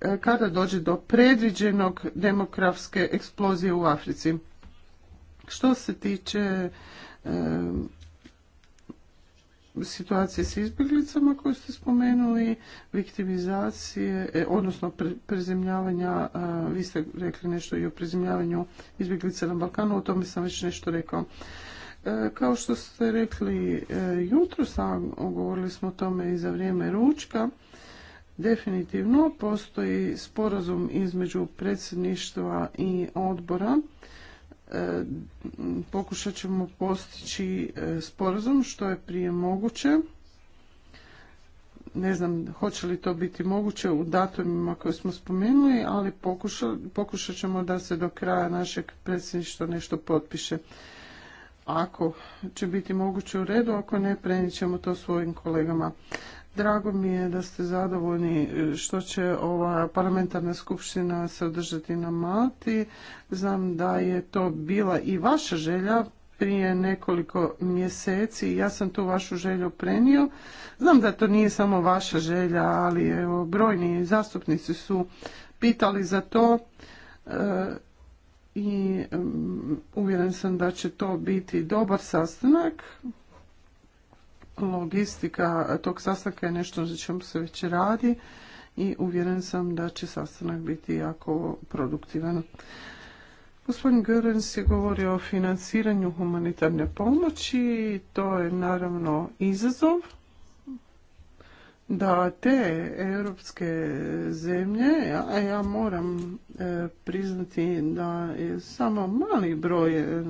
e, kada dođe do predviđenog demografske eksplozije u Africi. Što se tiče e, situacije s izbjeglicama koje ste spomenuli, viktimizacije, e, odnosno prezemljavanja, vi ste rekli nešto i o prezemljavanju izbjeglica na Balkanu, o tome sam već nešto rekao. E, kao što ste rekli e, jutro, sam govorili smo o tome i za vrijeme ručka, definitivno postoji sporazum između predsjedništva i odbora E, pokušat ćemo postići e, sporazum što je prije moguće. Ne znam hoće li to biti moguće u datumima koje smo spomenuli, ali pokušat ćemo da se do kraja našeg predsjedništva nešto potpiše. Ako će biti moguće u redu, ako ne, prenijet ćemo to svojim kolegama. Drago mi je da ste zadovoljni e, što će ova parlamentarna skupština se održati na Malti. Znam da je to bila i vaša želja prije nekoliko mjeseci. Ja sam tu vašu želju prenio. Znam da to nije samo vaša želja, ali evo, brojni zastupnici su pitali za to e, i mm, uvjeren sam da će to biti dobar sastanak logistika tog sastanka je nešto za čemu se već radi i uvjeren sam da će sastanak biti jako produktivan. Gospodin Görens je govorio o financiranju humanitarne pomoći, to je naravno izazov da te europske zemlje, a ja moram e, priznati da je samo mali broj e,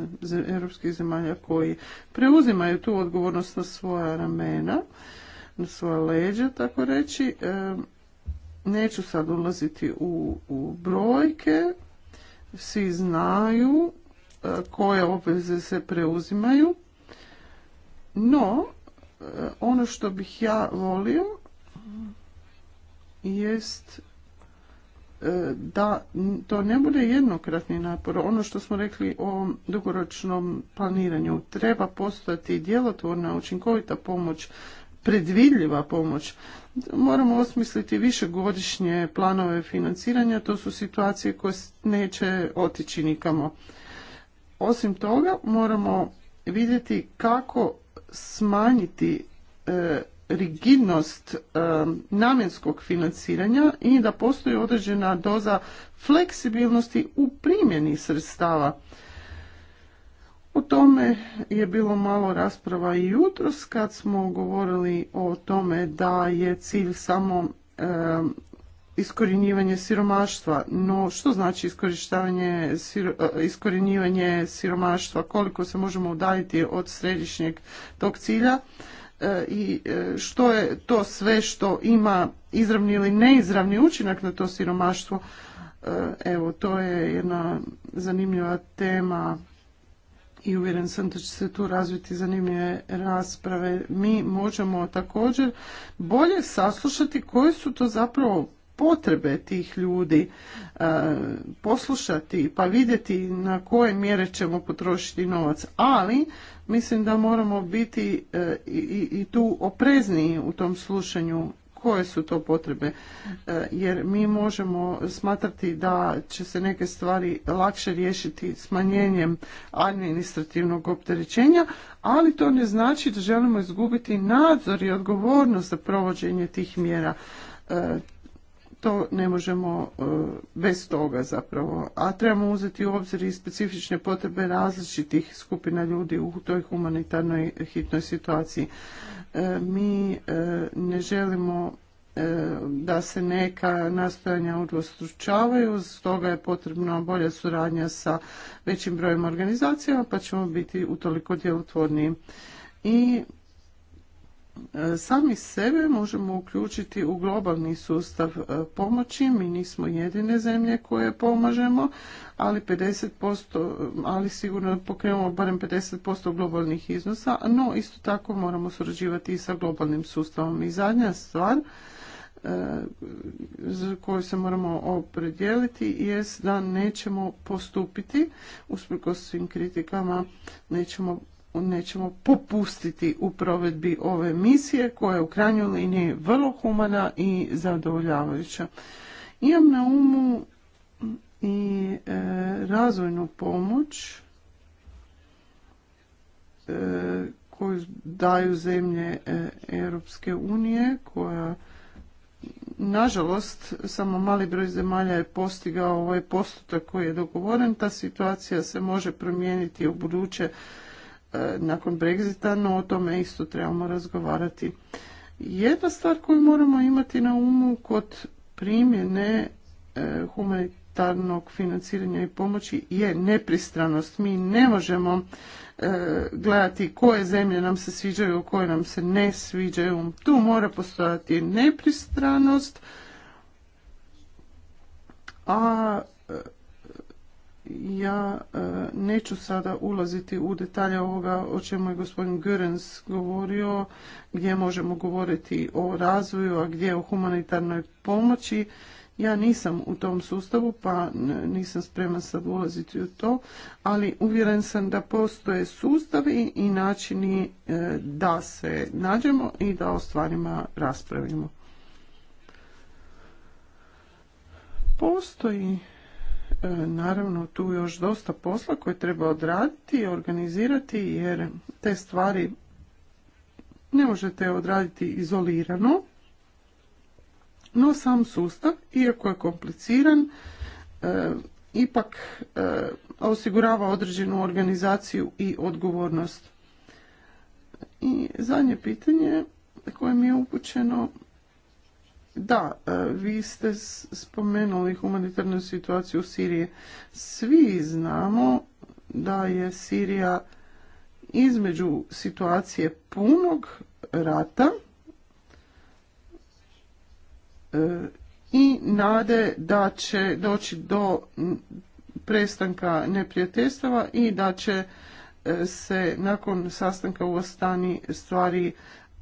europskih zemalja koji preuzimaju tu odgovornost na svoja ramena, na svoja leđa, tako reći. E, neću sad ulaziti u, u brojke, svi znaju koje obveze se preuzimaju, no ono što bih ja volio jest e, da to ne bude jednokratni napor. Ono što smo rekli o dugoročnom planiranju, treba postojati djelotvorna, učinkovita pomoć, predvidljiva pomoć. Moramo osmisliti višegodišnje planove financiranja, to su situacije koje neće otići nikamo. Osim toga, moramo vidjeti kako smanjiti e, rigidnost e, namjenskog financiranja i da postoji određena doza fleksibilnosti u primjeni sredstava. O tome je bilo malo rasprava i jutros kad smo govorili o tome da je cilj samo e, iskorjenjivanje siromaštva. No što znači iskorištavanje, e, iskorjenjivanje siromaštva? Koliko se možemo udaljiti od središnjeg tog cilja? E, i e, što je to sve što ima izravni ili neizravni učinak na to siromaštvo. E, evo, to je jedna zanimljiva tema i uvjeren sam da će se tu razviti zanimljive rasprave. Mi možemo također bolje saslušati koje su to zapravo potrebe tih ljudi e, poslušati pa vidjeti na koje mjere ćemo potrošiti novac. Ali mislim da moramo biti e, i tu oprezniji u tom slušanju koje su to potrebe e, jer mi možemo smatrati da će se neke stvari lakše riješiti smanjenjem administrativnog opterećenja, ali to ne znači da želimo izgubiti nadzor i odgovornost za provođenje tih mjera to ne možemo e, bez toga zapravo. A trebamo uzeti u obzir i specifične potrebe različitih skupina ljudi u toj humanitarnoj hitnoj situaciji. E, mi e, ne želimo da se neka nastojanja udvostručavaju, stoga je potrebna bolja suradnja sa većim brojem organizacija, pa ćemo biti utoliko djelotvorniji. I sami sebe možemo uključiti u globalni sustav e, pomoći. Mi nismo jedine zemlje koje pomažemo, ali 50%, ali sigurno pokrenemo barem 50% globalnih iznosa, no isto tako moramo surađivati i sa globalnim sustavom. I zadnja stvar e, za koju se moramo opredijeliti jest da nećemo postupiti usprkos svim kritikama nećemo nećemo popustiti u provedbi ove misije koja je u krajnjoj liniji vrlo humana i zadovoljavajuća. Imam na umu i e, razvojnu pomoć e, koju daju zemlje e, Europske unije koja nažalost samo mali broj zemalja je postigao ovaj postotak koji je dogovoren. Ta situacija se može promijeniti u buduće E, nakon Brexita, no o tome isto trebamo razgovarati. Jedna stvar koju moramo imati na umu kod primjene e, humanitarnog financiranja i pomoći je nepristranost. Mi ne možemo e, gledati koje zemlje nam se sviđaju, koje nam se ne sviđaju. Tu mora postojati nepristranost, a ja e, neću sada ulaziti u detalje ovoga o čemu je gospodin Görens govorio, gdje možemo govoriti o razvoju, a gdje o humanitarnoj pomoći. Ja nisam u tom sustavu, pa nisam spreman sad ulaziti u to, ali uvjeren sam da postoje sustavi i načini e, da se nađemo i da o stvarima raspravimo. Postoji E, naravno tu još dosta posla koje treba odraditi i organizirati jer te stvari ne možete odraditi izolirano. No sam sustav, iako je kompliciran, e, ipak e, osigurava određenu organizaciju i odgovornost. I zadnje pitanje koje mi je upućeno da, e, vi ste spomenuli humanitarnu situaciju u Siriji. Svi znamo da je Sirija između situacije punog rata e, i nade da će doći do prestanka neprijateljstava i da će e, se nakon sastanka u Ostani stvari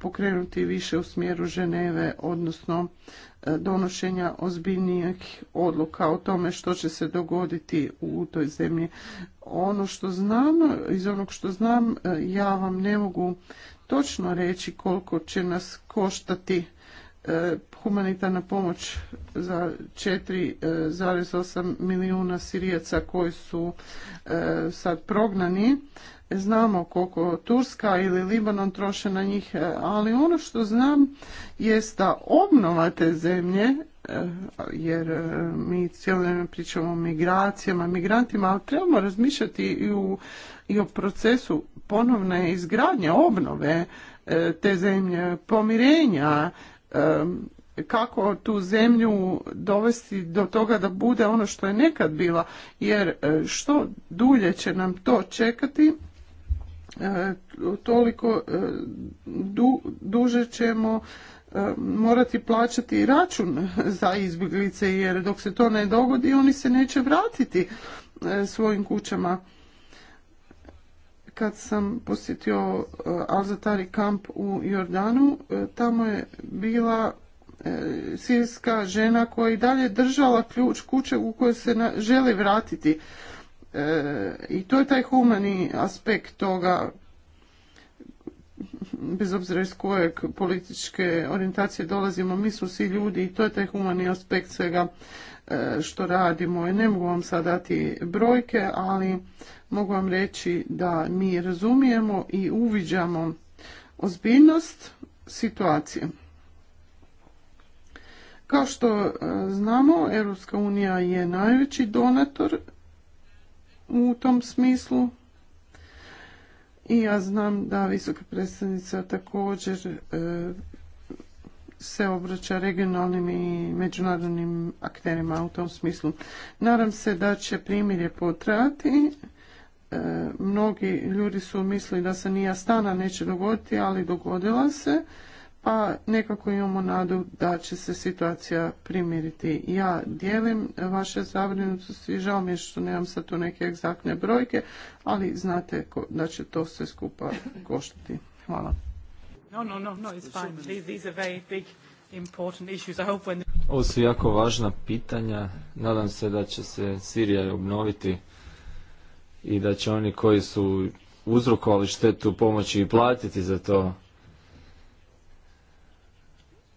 pokrenuti više u smjeru Ženeve, odnosno e, donošenja ozbiljnijih odluka o tome što će se dogoditi u toj zemlji. Ono što znam, iz onog što znam, e, ja vam ne mogu točno reći koliko će nas koštati e, humanitarna pomoć za 4,8 milijuna sirijaca koji su sad prognani znamo koliko Turska ili Libanon troše na njih, e, ali ono što znam jest da obnova te zemlje, e, jer e, mi cijelo vrijeme pričamo o migracijama, migrantima, ali trebamo razmišljati i, u, i o procesu ponovne izgradnje, obnove te zemlje, pomirenja, kako tu zemlju dovesti do toga da bude ono što je nekad bila jer što dulje će nam to čekati E, toliko e, du, duže ćemo e, morati plaćati račun za izbjeglice jer dok se to ne dogodi oni se neće vratiti svojim kućama. Kad sam posjetio Alzatari kamp u Jordanu, tamo je bila sirska žena koja je dalje držala ključ kuće u kojoj se želi vratiti. I to je taj humani aspekt toga, bez obzira iz kojeg političke orijentacije dolazimo, mi su svi ljudi i to je taj humani aspekt svega e, što radimo. I ne mogu vam sad dati brojke, ali mogu vam reći da mi razumijemo i uviđamo ozbiljnost situacije. Kao što e, znamo, Europska unija je najveći donator u tom smislu. I ja znam da visoka predstavnica također e, se obraća regionalnim i međunarodnim akterima u tom smislu. Nadam se da će primirje potrajati. E, mnogi ljudi su mislili da se nija stana neće dogoditi, ali dogodila se pa nekako imamo nadu da će se situacija primiriti. Ja dijelim vaše zabrinutosti, žao mi je što nemam sad tu neke egzaktne brojke, ali znate da će to sve skupa koštiti. Hvala. I Ovo su jako važna pitanja. Nadam se da će se Sirija obnoviti i da će oni koji su uzrokovali štetu pomoći i platiti za to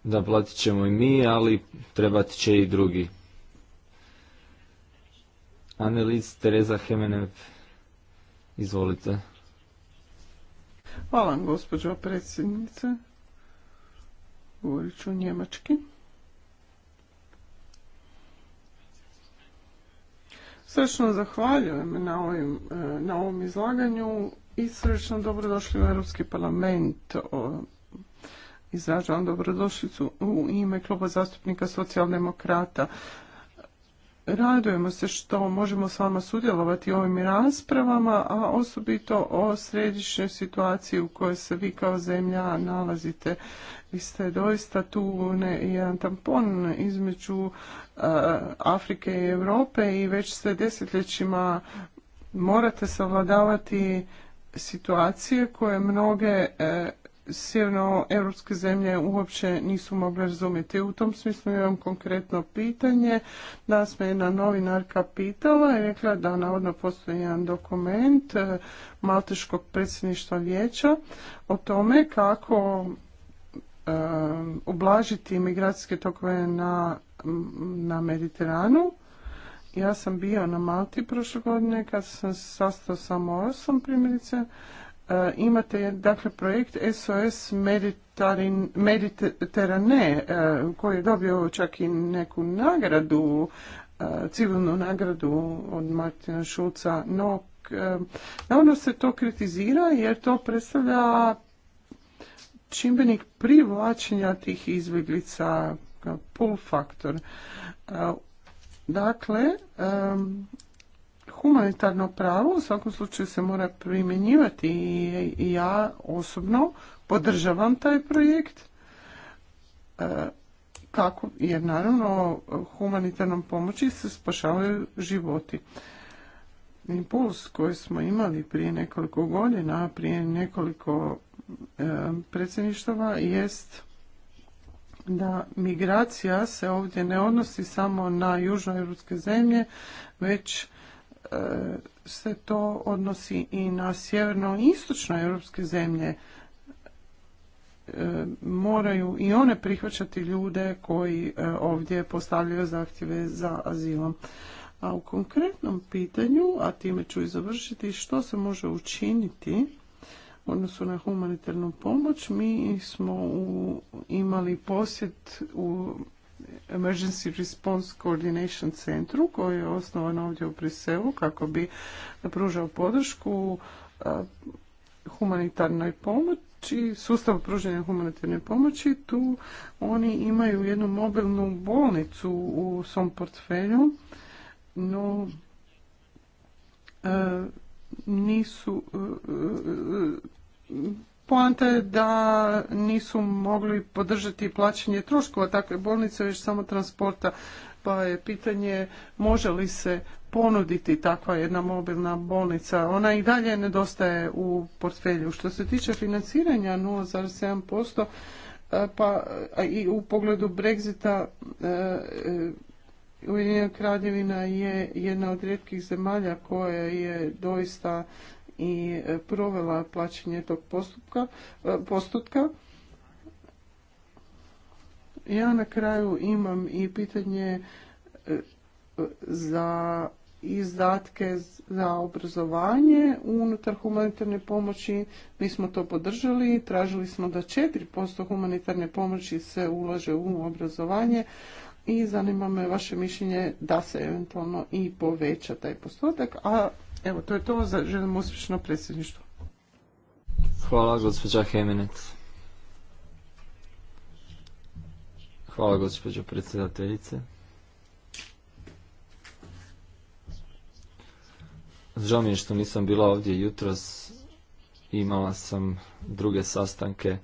da, platit ćemo i mi, ali trebati će i drugi. Anelis Tereza Hemenev, izvolite. Hvala, gospođo predsjednice. Govorit ću njemački. Srčno zahvaljujem eh, na, ovom izlaganju i srećno dobrodošli u Europski parlament izražavam dobrodošlicu u ime kluba zastupnika socijaldemokrata. Radujemo se što možemo s vama sudjelovati u ovim raspravama, a osobito o središnjoj situaciji u kojoj se vi kao zemlja nalazite. Vi ste doista tu jedan tampon između e, Afrike i Europe i već ste desetljećima morate savladavati situacije koje mnoge e, sjevernoeuropske zemlje uopće nisu mogle razumjeti. U tom smislu imam konkretno pitanje. Danas me jedna novinarka pitala i rekla da navodno postoji jedan dokument eh, Malteškog predsjedništva vijeća o tome kako eh, ublažiti migracijske tokove na, na Mediteranu. Ja sam bio na Malti prošle godine kad sam sastao samo osam primjerice E, imate dakle projekt SOS Mediterane e, koji je dobio čak i neku nagradu, e, civilnu nagradu od Martina Šulca, no ono se to kritizira jer to predstavlja čimbenik privlačenja tih izbjeglica, pull faktor. Dakle, humanitarno pravo u svakom slučaju se mora primjenjivati i ja osobno podržavam taj projekt e, kako, jer naravno humanitarnom pomoći se spašavaju životi. Impuls koji smo imali prije nekoliko godina, prije nekoliko e, predsjedništava jest da migracija se ovdje ne odnosi samo na južnoeuropske zemlje, već se to odnosi i na sjeverno istočno europske zemlje e, moraju i one prihvaćati ljude koji e, ovdje postavljaju zahtjeve za azilom. A u konkretnom pitanju, a time ću i završiti, što se može učiniti u odnosu na humanitarnu pomoć, mi smo u, imali posjet u Emergency Response Coordination centru koji je osnovan ovdje u Briselu kako bi pružao podršku humanitarnoj pomoći, sustav pružanja humanitarne pomoći. Tu oni imaju jednu mobilnu bolnicu u svom portfelju, no nisu Poanta je da nisu mogli podržati plaćanje troškova takve bolnice, već samo transporta. Pa je pitanje može li se ponuditi takva jedna mobilna bolnica. Ona i dalje nedostaje u portfelju. Što se tiče financiranja 0,7%, e, pa i u pogledu Brexita e, e, Ujedinjena kraljevina je jedna od rijetkih zemalja koja je doista i provela plaćanje tog postupka, e, postupka. Ja na kraju imam i pitanje e, za izdatke za obrazovanje unutar humanitarne pomoći. Mi smo to podržali, tražili smo da 4% humanitarne pomoći se ulaže u obrazovanje i zanima me vaše mišljenje da se eventualno i poveća taj postotak, a Evo, to je to. Želim uspješno predsjedništvo. Hvala, gospođa Hemenec. Hvala, gospođo predsjedateljice. Žao mi je što nisam bila ovdje jutros. Imala sam druge sastanke.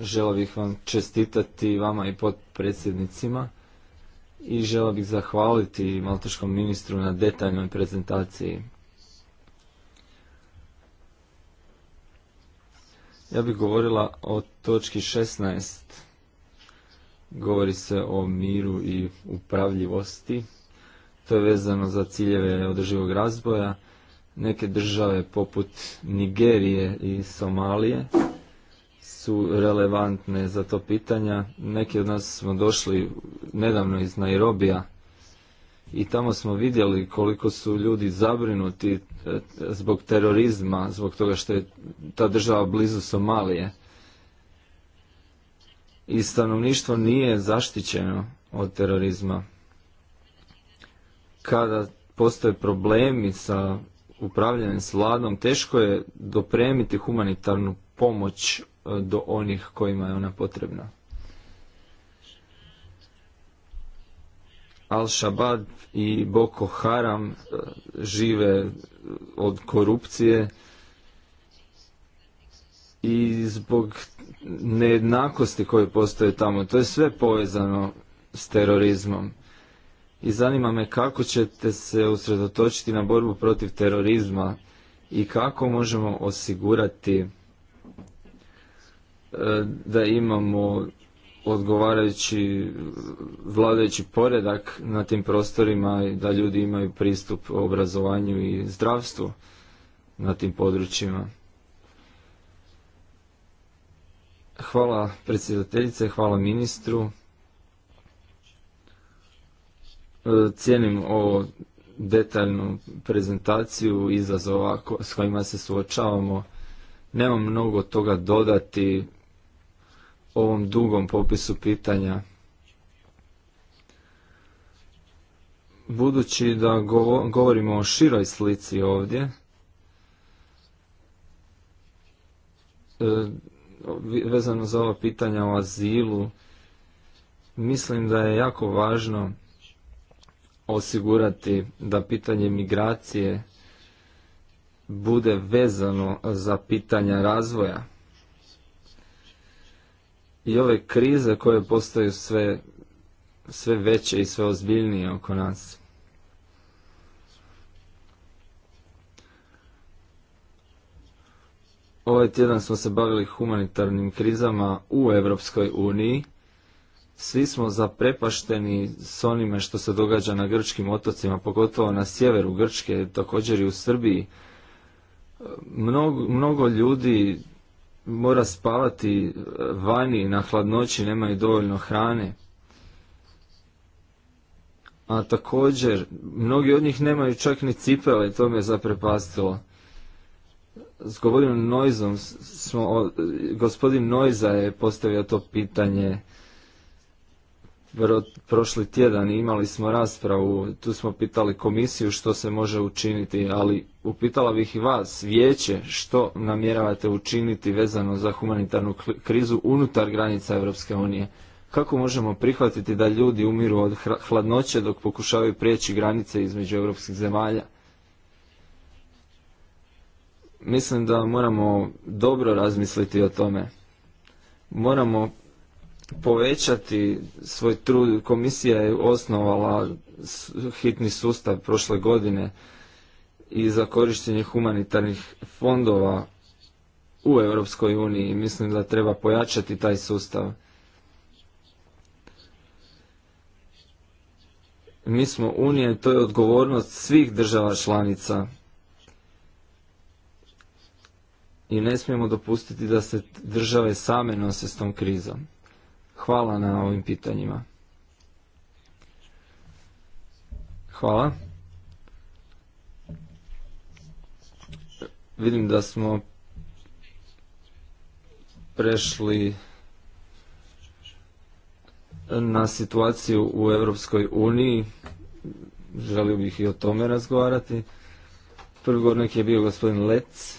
Želo bih vam čestitati vama i potpredsjednicima i žela bih zahvaliti malteškom ministru na detaljnoj prezentaciji. Ja bih govorila o točki 16. Govori se o miru i upravljivosti. To je vezano za ciljeve održivog razvoja. Neke države poput Nigerije i Somalije su relevantne za to pitanja. Neki od nas smo došli nedavno iz Nairobija i tamo smo vidjeli koliko su ljudi zabrinuti e, zbog terorizma, zbog toga što je ta država blizu Somalije. I stanovništvo nije zaštićeno od terorizma. Kada postoje problemi sa upravljanjem s vladom, teško je dopremiti humanitarnu pomoć do onih kojima je ona potrebna. Al-Shabaab i Boko Haram e, žive e, od korupcije i zbog nejednakosti koje postoje tamo. To je sve povezano s terorizmom. I zanima me kako ćete se usredotočiti na borbu protiv terorizma i kako možemo osigurati da imamo odgovarajući vladajući poredak na tim prostorima i da ljudi imaju pristup obrazovanju i zdravstvu na tim područjima. Hvala predsjedateljice, hvala ministru. E, cijenim ovo detaljnu prezentaciju izazova s kojima se suočavamo. Nemam mnogo toga dodati ovom dugom popisu pitanja. Budući da govorimo o široj slici ovdje, e, vezano za ova pitanja o azilu, mislim da je jako važno osigurati da pitanje migracije bude vezano za pitanja razvoja i ove krize koje postaju sve, sve veće i sve ozbiljnije oko nas. Ovaj tjedan smo se bavili humanitarnim krizama u Europskoj uniji. Svi smo zaprepašteni s onime što se događa na grčkim otocima, pogotovo na sjeveru Grčke, također i u Srbiji. Mnogo, mnogo ljudi mora spavati e, vani na hladnoći, nemaju dovoljno hrane. A također, mnogi od njih nemaju čak ni cipele, to me zaprepastilo. S govorim Noizom smo, gospodin Noiza je postavio to pitanje prošli tjedan imali smo raspravu, tu smo pitali komisiju što se može učiniti, ali upitala bih i vas, vijeće, što namjeravate učiniti vezano za humanitarnu krizu unutar granica Europske unije. Kako možemo prihvatiti da ljudi umiru od hladnoće dok pokušavaju prijeći granice između europskih zemalja? Mislim da moramo dobro razmisliti o tome. Moramo povećati svoj trud. Komisija je osnovala hitni sustav prošle godine i za korištenje humanitarnih fondova u Europskoj uniji. Mislim da treba pojačati taj sustav. Mi smo Unija i to je odgovornost svih država članica. I ne smijemo dopustiti da se države same nose s tom krizom. Hvala na ovim pitanjima. Hvala. Vidim da smo prešli na situaciju u Europskoj uniji. Želio bih i o tome razgovarati. Prvi govornik je bio gospodin Lec.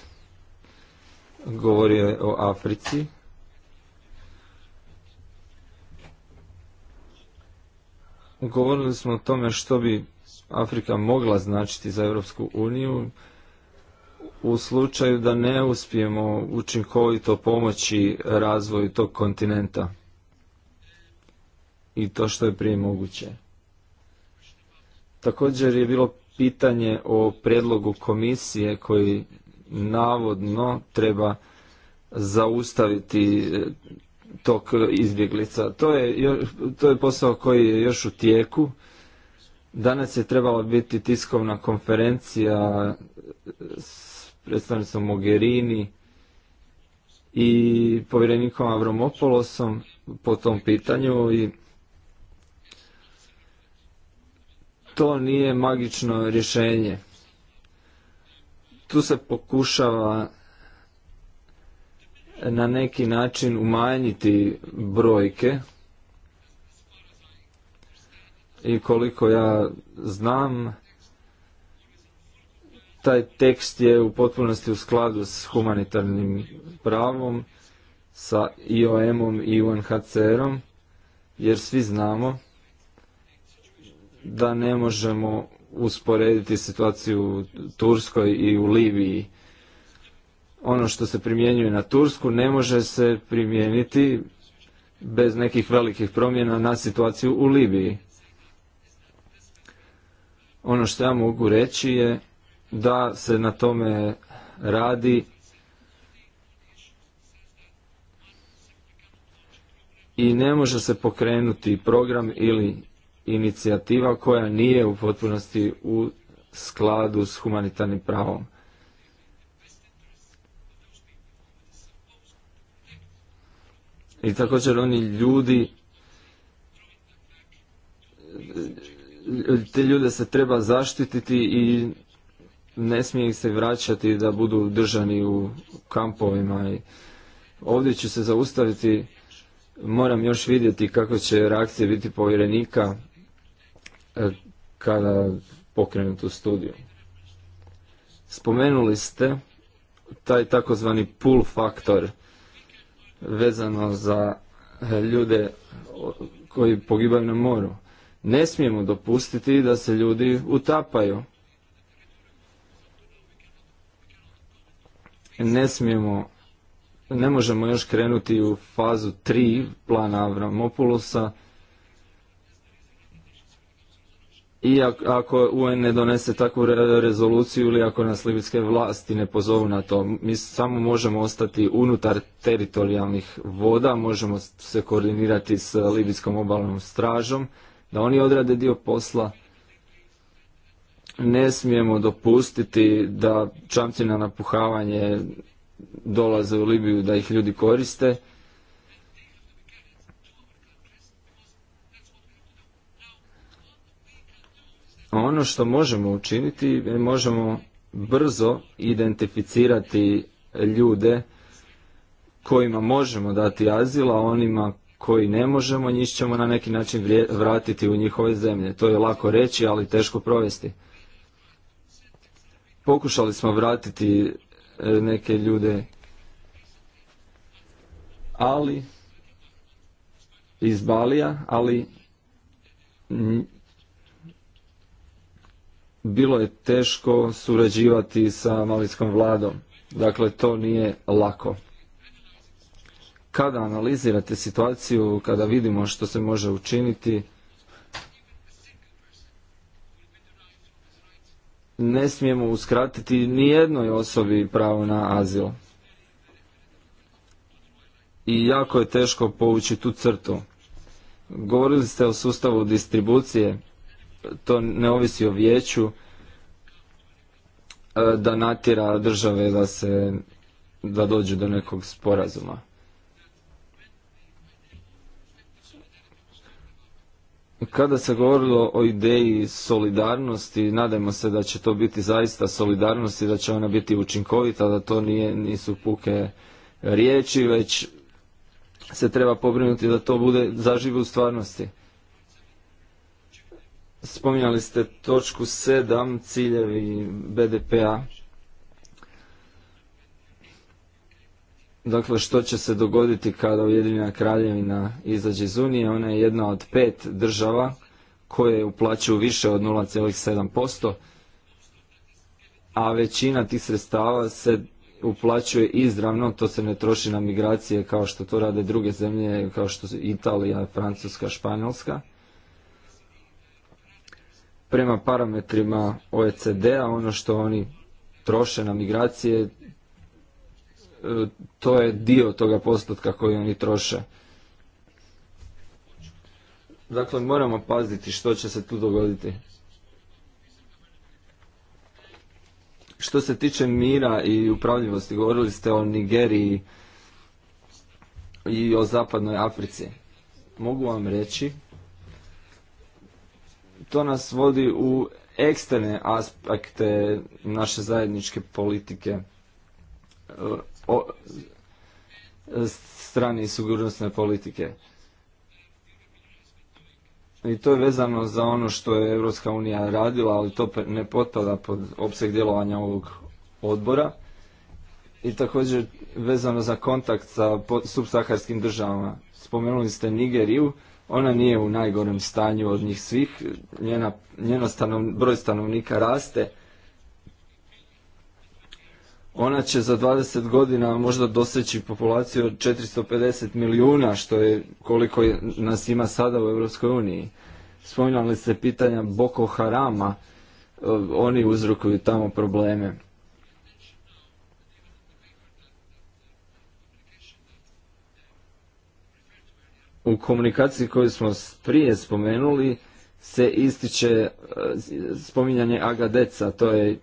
Govorio je o Africi. Govorili smo o tome što bi Afrika mogla značiti za Europsku uniju u slučaju da ne uspijemo učinkovito pomoći razvoju tog kontinenta i to što je prije moguće. Također je bilo pitanje o prijedlogu komisije koji navodno treba zaustaviti tog izbjeglica. To je, posao koji je još u tijeku. Danas je trebala biti tiskovna konferencija s predstavnicom Mogherini i povjerenikom Avromopolosom po tom pitanju i to nije magično rješenje. Tu se pokušava na neki način umanjiti brojke i koliko ja znam taj tekst je u potpunosti u skladu s humanitarnim pravom sa IOM-om i UNHCR-om jer svi znamo da ne možemo usporediti situaciju u Turskoj i u Libiji ono što se primjenjuje na Tursku ne može se primijeniti bez nekih velikih promjena na situaciju u Libiji. Ono što ja mogu reći je da se na tome radi i ne može se pokrenuti program ili inicijativa koja nije u potpunosti u skladu s humanitarnim pravom. I također oni ljudi, te ljude se treba zaštititi i ne smije ih se vraćati da budu držani u kampovima. I ovdje ću se zaustaviti, moram još vidjeti kakve će reakcije biti povjerenika e, kada pokrenu tu studiju. Spomenuli ste taj takozvani pull faktor – vezano za e, ljude koji pogibaju na moru. Ne smijemo dopustiti da se ljudi utapaju. Ne smijemo, ne možemo još krenuti u fazu 3 plana Avramopulosa i ako UN ne donese takvu rezoluciju ili ako nas libijske vlasti ne pozovu na to, mi samo možemo ostati unutar teritorijalnih voda, možemo se koordinirati s libijskom obalnom stražom, da oni odrade dio posla. Ne smijemo dopustiti da čamci na napuhavanje dolaze u Libiju, da ih ljudi koriste Ono što možemo učiniti, e, možemo brzo identificirati ljude kojima možemo dati azil, a onima koji ne možemo, njih ćemo na neki način vratiti u njihove zemlje. To je lako reći, ali teško provesti. Pokušali smo vratiti e, neke ljude, ali iz Balija, ali bilo je teško surađivati sa malijskom vladom. Dakle, to nije lako. Kada analizirate situaciju, kada vidimo što se može učiniti, ne smijemo uskratiti nijednoj osobi pravo na azil. I jako je teško povući tu crtu. Govorili ste o sustavu distribucije to ne ovisi o vijeću e, da natjera države da se da dođu do nekog sporazuma. Kada se govorilo o ideji solidarnosti, nadajmo se da će to biti zaista solidarnost i da će ona biti učinkovita, da to nije, nisu puke riječi, već se treba pobrinuti da to bude zaživu u stvarnosti. Spominjali ste točku 7, ciljevi BDP-a. Dakle, što će se dogoditi kada Ujedinjena kraljevina izađe iz Unije? Ona je jedna od pet država koje uplaćuju više od 0,7%, a većina tih sredstava se uplaćuje izravno, to se ne troši na migracije kao što to rade druge zemlje, kao što su Italija, Francuska, Španjolska prema parametrima OECD-a, ono što oni troše na migracije, e, to je dio toga postotka koji oni troše. Dakle, moramo paziti što će se tu dogoditi. Što se tiče mira i upravljivosti, govorili ste o Nigeriji i o zapadnoj Africi. Mogu vam reći to nas vodi u eksterne aspekte naše zajedničke politike o strani sigurnosne politike. I to je vezano za ono što je Europska unija radila, ali to ne potpada pod opseg djelovanja ovog odbora. I također vezano za kontakt sa subsaharskim državama. Spomenuli ste Nigeriju ona nije u najgorem stanju od njih svih, njena, njeno broj stanovnika raste. Ona će za 20 godina možda doseći populaciju od 450 milijuna, što je koliko nas ima sada u EU. Spominjali ste pitanja Boko Harama, e, oni uzrokuju tamo probleme. U komunikaciji koju smo prije spomenuli se ističe e, spominjanje Agadeca, to je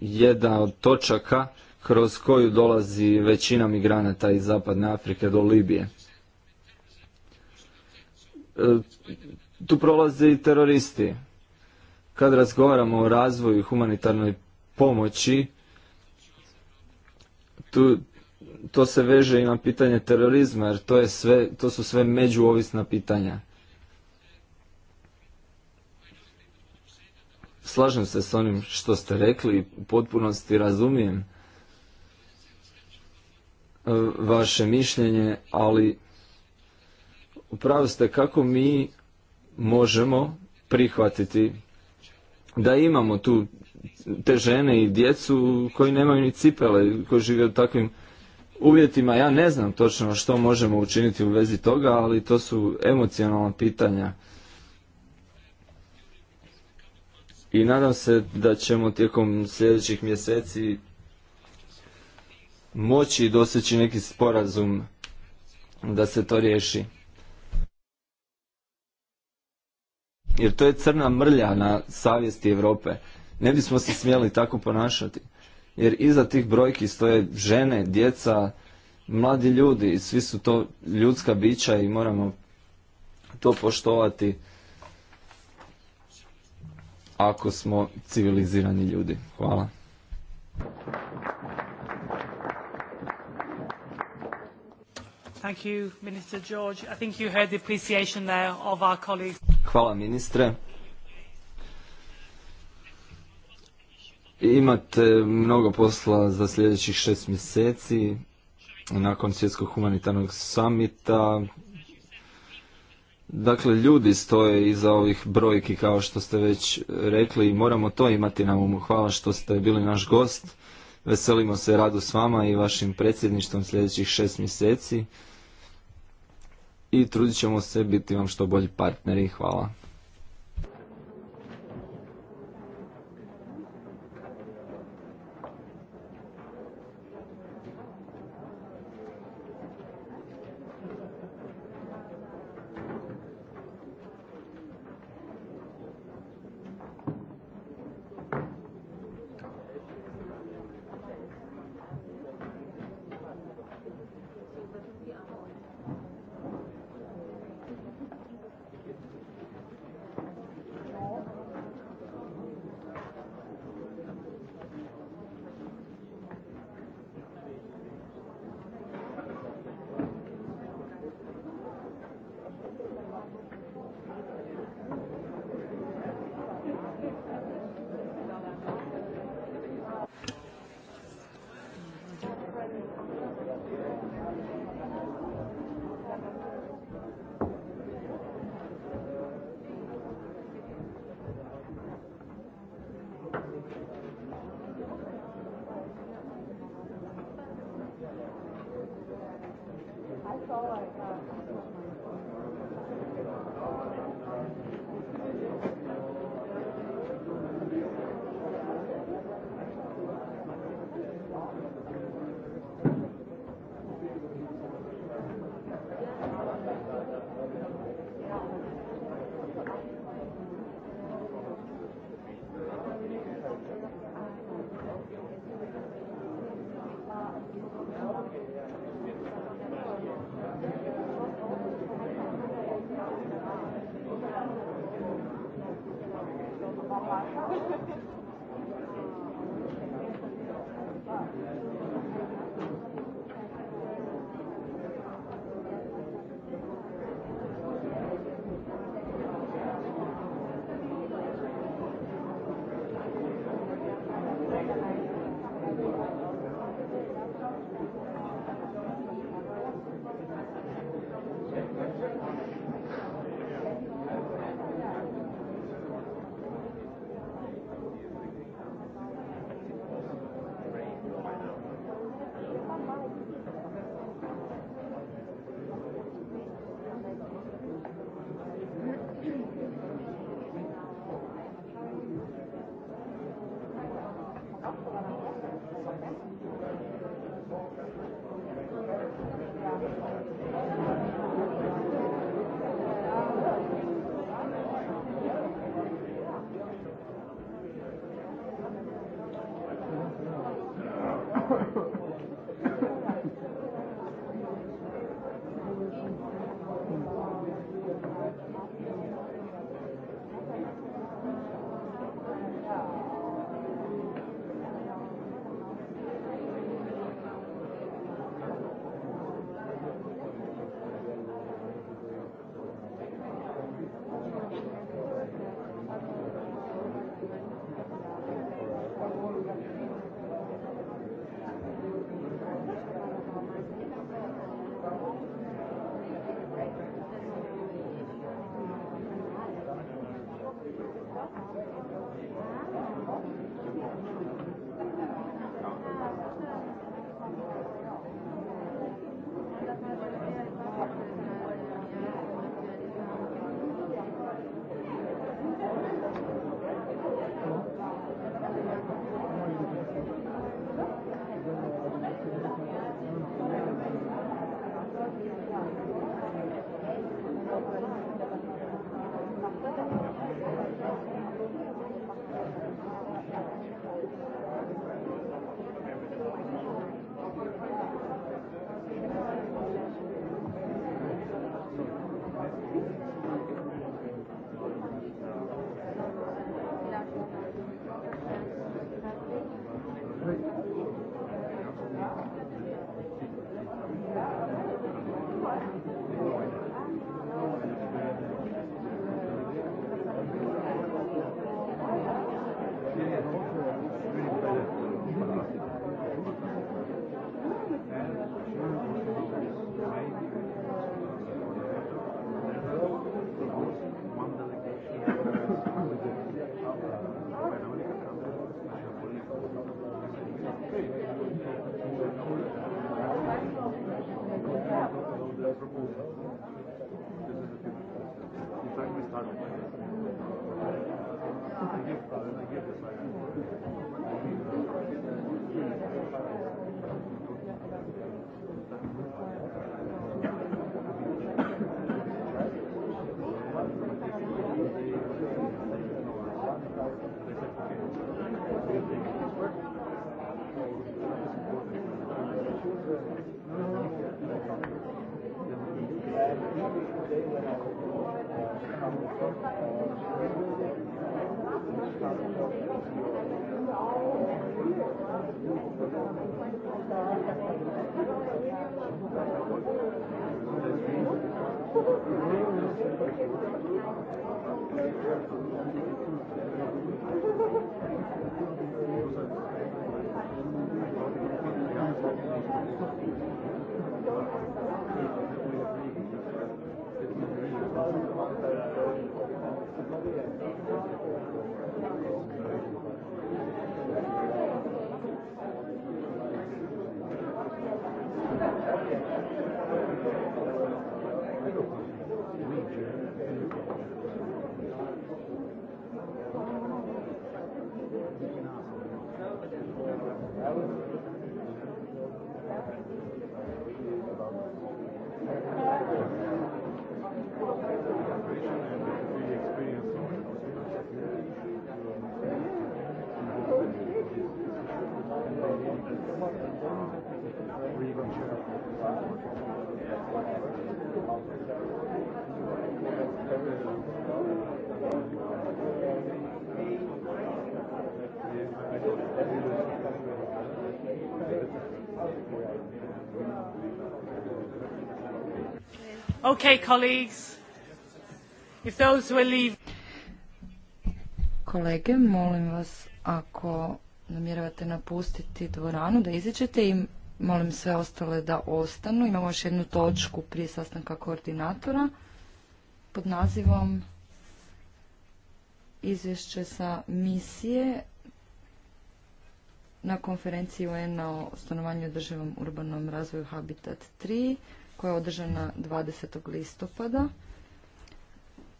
jedna od točaka kroz koju dolazi većina migranata iz Zapadne Afrike do Libije. E, tu prolaze i teroristi. Kad razgovaramo o razvoju humanitarnoj pomoći, tu to se veže i na pitanje terorizma, jer to, je sve, to su sve međuovisna pitanja. Slažem se s onim što ste rekli, u potpunosti razumijem e, vaše mišljenje, ali upravo ste kako mi možemo prihvatiti da imamo tu te žene i djecu koji nemaju ni cipele, koji žive u takvim uvjetima ja ne znam točno što možemo učiniti u vezi toga, ali to su emocionalna pitanja. I nadam se da ćemo tijekom sljedećih mjeseci moći doseći neki sporazum da se to riješi. Jer to je crna mrlja na savjesti Europe. Ne bismo se smjeli tako ponašati jer iza tih brojki stoje žene, djeca, mladi ljudi i svi su to ljudska bića i moramo to poštovati ako smo civilizirani ljudi. Hvala. Hvala ministre. Imate mnogo posla za sljedećih šest mjeseci nakon svjetskog humanitarnog samita. Dakle, ljudi stoje iza ovih brojki kao što ste već rekli i moramo to imati na umu. Hvala što ste bili naš gost. Veselimo se radu s vama i vašim predsjedništvom sljedećih šest mjeseci. I trudit ćemo se biti vam što bolji partneri. Hvala. Okay, Kolege, molim vas ako namjeravate napustiti dvoranu da iziđete i molim sve ostale da ostanu. Imamo još jednu točku prije sastanka koordinatora pod nazivom izvješće sa misije na konferenciji UN-a o stanovanju i urbanom razvoju Habitat 3 koja je održana 20. listopada.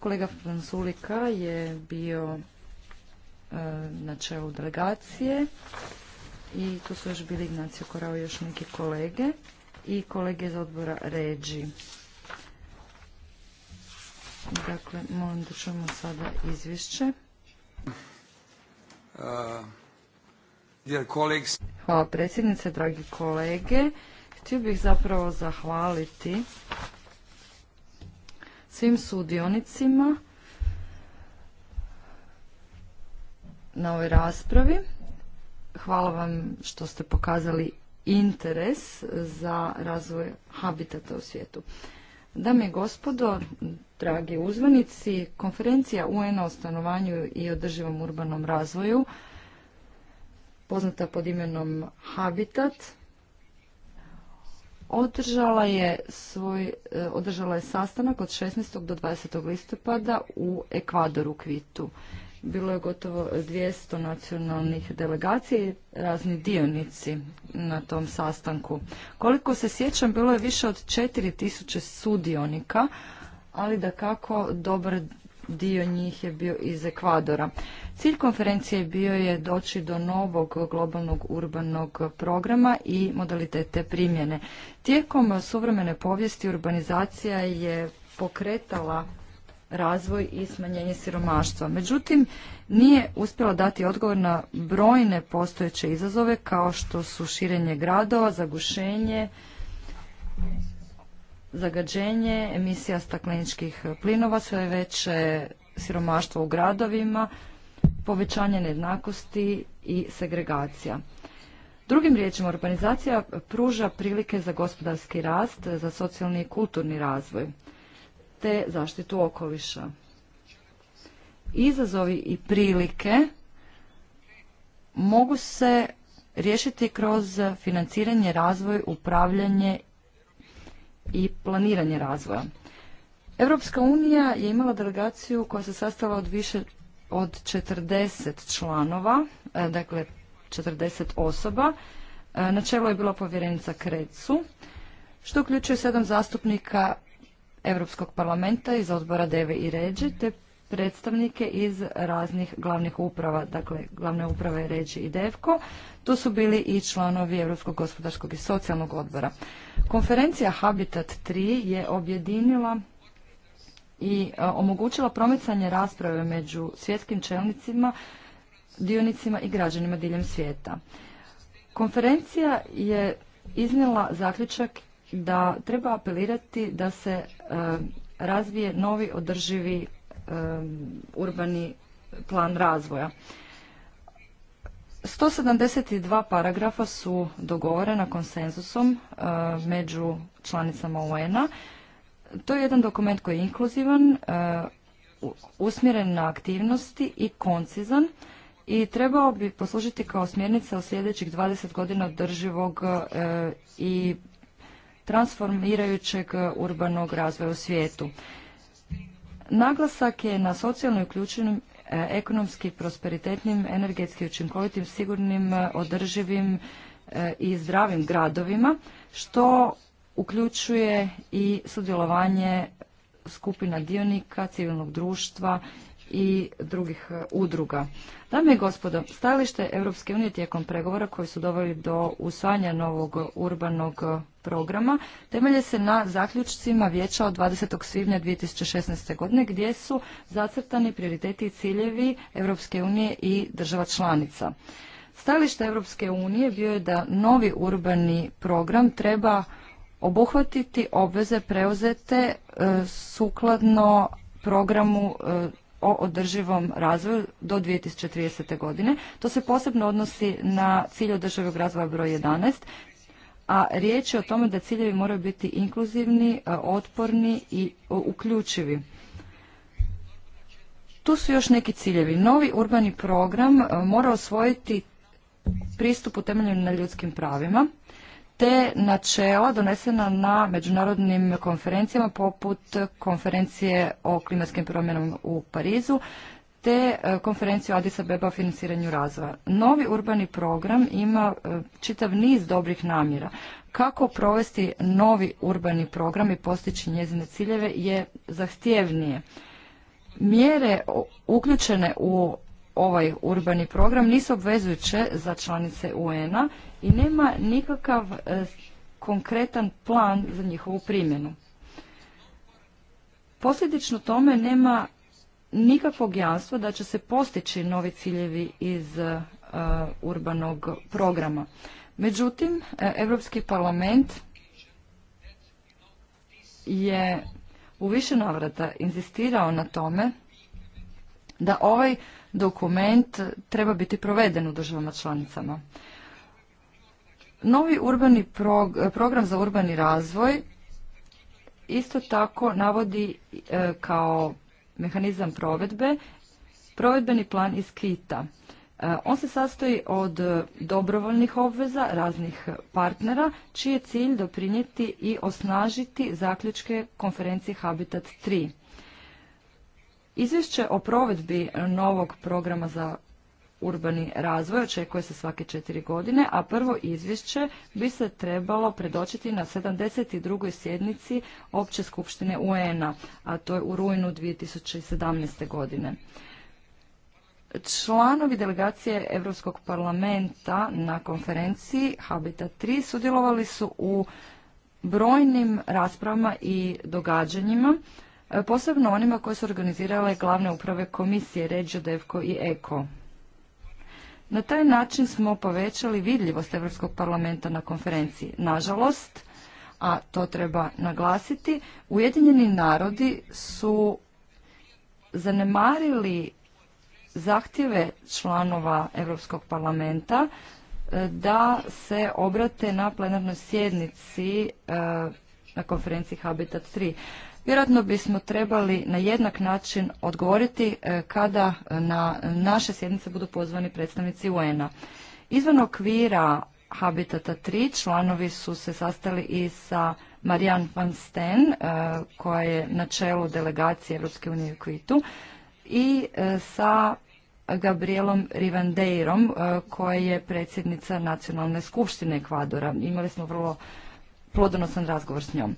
Kolega Fransulika je bio e, na čelu delegacije i tu su još bili Ignacio Korao i još neki kolege i kolege iz odbora Ređi. Dakle, molim da čujemo sada izvješće. Uh, Hvala predsjednice, dragi kolege. Htio bih zapravo zahvaliti svim sudionicima na ovoj raspravi. Hvala vam što ste pokazali interes za razvoj habitata u svijetu. Dame i gospodo, dragi uzvanici, konferencija UN o stanovanju i održivom urbanom razvoju, poznata pod imenom Habitat, održala je svoj e, održala je sastanak od 16. do 20. listopada u Ekvadoru Kvitu. Bilo je gotovo 200 nacionalnih delegacija i razni dionici na tom sastanku. Koliko se sjećam, bilo je više od 4000 sudionika, ali da kako dobar dio njih je bio iz Ekvadora. Cilj konferencije bio je doći do novog globalnog urbanog programa i modalitete primjene. Tijekom suvremene povijesti urbanizacija je pokretala razvoj i smanjenje siromaštva. Međutim, nije uspjela dati odgovor na brojne postojeće izazove kao što su širenje gradova, zagušenje, zagađenje, emisija stakleničkih plinova, sve veće siromaštvo u gradovima, povećanje nejednakosti i segregacija. Drugim riječima, urbanizacija pruža prilike za gospodarski rast, za socijalni i kulturni razvoj, te zaštitu okoliša. Izazovi i prilike mogu se riješiti kroz financiranje, razvoj, upravljanje i planiranje razvoja. Europska unija je imala delegaciju koja se sastala od više od 40 članova, e, dakle 40 osoba. E, na čelu je bila povjerenica Krecu, što uključuje sedam zastupnika Europskog parlamenta iz odbora Deve i Ređi, te predstavnike iz raznih glavnih uprava, dakle glavne uprave Ređi i Devko. to su bili i članovi Europskog gospodarskog i socijalnog odbora. Konferencija Habitat 3 je objedinila i e, omogućila promicanje rasprave među svjetskim čelnicima, dionicima i građanima diljem svijeta. Konferencija je iznijela zaključak da treba apelirati da se e, razvije novi održivi e, urbani plan razvoja. 172 paragrafa su dogovorena konsenzusom među članicama UN-a to je jedan dokument koji je inkluzivan, e, usmjeren na aktivnosti i koncizan i trebao bi poslužiti kao smjernica u sljedećih 20 godina održivog e, i transformirajućeg urbanog razvoja u svijetu. Naglasak je na socijalno uključenim, e, ekonomski prosperitetnim, energetski učinkovitim, sigurnim, održivim i zdravim gradovima, što uključuje i sudjelovanje skupina dionika, civilnog društva i drugih e, udruga. Dame i gospodo, stajalište Europske unije tijekom pregovora koji su doveli do usvajanja novog urbanog programa temelje se na zaključcima vijeća od 20. svibnja 2016. godine gdje su zacrtani prioriteti i ciljevi Europske unije i država članica. Stajalište Europske unije bio je da novi urbani program treba obuhvatiti obveze preuzete e, sukladno programu e, o održivom razvoju do 2030. godine. To se posebno odnosi na cilj održivog razvoja broj 11, a riječ je o tome da ciljevi moraju biti inkluzivni, e, otporni i uključivi. Tu su još neki ciljevi. Novi urbani program mora osvojiti pristup utemeljen na ljudskim pravima, te načela donesena na međunarodnim konferencijama poput konferencije o klimatskim promjenama u Parizu te e, konferenciju Addis Abeba o financiranju razvoja. Novi urbani program ima e, čitav niz dobrih namjera. Kako provesti novi urbani program i postići njezine ciljeve je zahtjevnije. Mjere uključene u ovaj urbani program nisu obvezujuće za članice UN-a i nema nikakav e, konkretan plan za njihovu primjenu. Posljedično tome nema nikakvog jamstva da će se postići novi ciljevi iz e, urbanog programa. Međutim, e, Europski parlament je u više navrata inzistirao na tome da ovaj dokument treba biti proveden u državama članicama. Novi urbani program za urbani razvoj isto tako navodi e, kao mehanizam provedbe provedbeni plan iz Kita. E, on se sastoji od dobrovoljnih obveza raznih partnera, čiji je cilj doprinijeti i osnažiti zaključke konferencije Habitat 3. Izvješće o provedbi novog programa za urbani razvoj očekuje se svake četiri godine, a prvo izvješće bi se trebalo predočiti na 72. sjednici Opće skupštine UN-a, a to je u rujnu 2017. godine. Članovi delegacije Europskog parlamenta na konferenciji Habitat 3 sudjelovali su u brojnim raspravama i događanjima, posebno onima koje su organizirale glavne uprave komisije Regio, Devko i Eko. Na taj način smo povećali vidljivost Europskog parlamenta na konferenciji. Nažalost, a to treba naglasiti, Ujedinjeni narodi su zanemarili zahtjeve članova Europskog parlamenta e, da se obrate na plenarnoj sjednici e, na konferenciji Habitat 3. Vjerojatno bismo trebali na jednak način odgovoriti e, kada e, na naše sjednice budu pozvani predstavnici UN-a. Izvan okvira Habitata 3 članovi su se sastali i sa Marian van Sten, e, koja je na čelu delegacije Europske unije u Kvitu, i sa Gabrielom Rivandeirom, koja je predsjednica Nacionalne skupštine Ekvadora. Imali smo vrlo plodonosan razgovor s njom.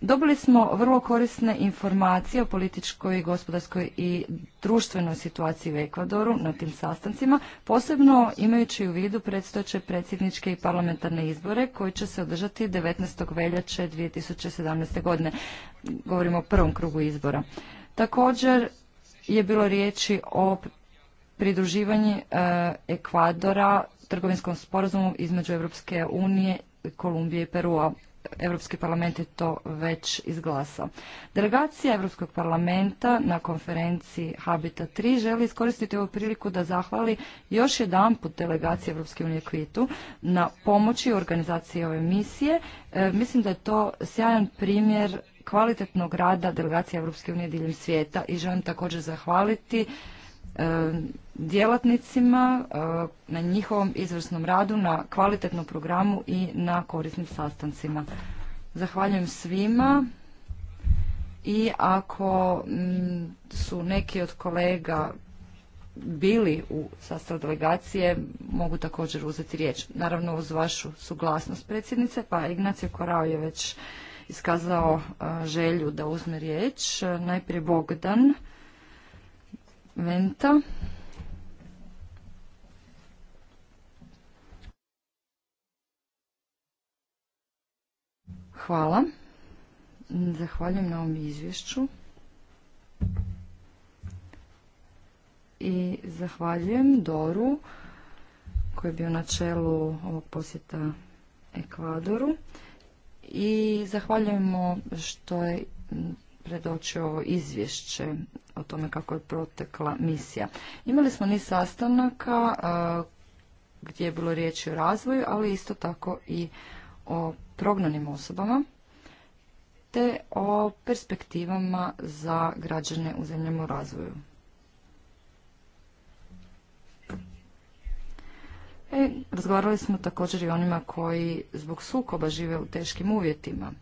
Dobili smo vrlo korisne informacije o političkoj, gospodarskoj i društvenoj situaciji u Ekvadoru na tim sastancima, posebno imajući u vidu predstojeće predsjedničke i parlamentarne izbore koji će se održati 19. veljače 2017. godine. Govorimo o prvom krugu izbora. Također je bilo riječi o pridruživanju e, Ekvadora trgovinskom sporazumu između Europske unije, Kolumbije i Perua Europski parlament je to već izglasao. Delegacija Europskog parlamenta na konferenciji Habita 3 želi iskoristiti ovu priliku da zahvali još jedan put delegaciji Europske unije Kvitu na pomoći organizaciji ove misije. E, mislim da je to sjajan primjer kvalitetnog rada delegacije Europske unije diljem svijeta i želim također zahvaliti e, djelatnicima e, na njihovom izvrsnom radu, na kvalitetnom programu i na korisnim sastancima. Zahvaljujem svima i ako mm, su neki od kolega bili u sastavu delegacije, mogu također uzeti riječ. Naravno uz vašu suglasnost predsjednice, pa Ignacio Korao je već iskazao e, želju da uzme riječ. Najprije Bogdan Venta. Hvala. Zahvaljujem na ovom izvješću. I zahvaljujem Doru koji je bio na čelu ovog posjeta Ekvadoru. I zahvaljujemo što je predočio ovo izvješće o tome kako je protekla misija. Imali smo niz sastanaka gdje je bilo riječi o razvoju, ali isto tako i o prognanim osobama te o perspektivama za građane u zemljama u razvoju. E, razgovarali smo također i onima koji zbog sukoba žive u teškim uvjetima.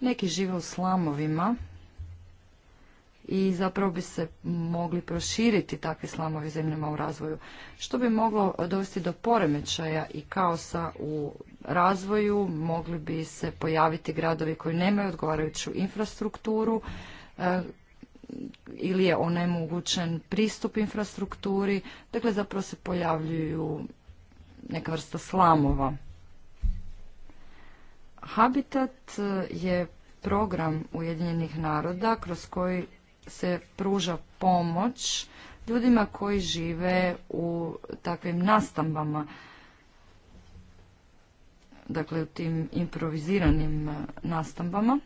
Neki žive u slamovima i zapravo bi se mogli proširiti takvi slamovi zemljama u razvoju, što bi moglo dovesti do poremećaja i kaosa u razvoju, mogli bi se pojaviti gradovi koji nemaju odgovarajuću infrastrukturu e, ili je onemogućen pristup infrastrukturi, dakle zapravo se pojavljuju neka vrsta slamova. Habitat je program Ujedinjenih naroda kroz koji se pruža pomoć ljudima koji žive u takvim nastambama, dakle u tim improviziranim e, nastambama.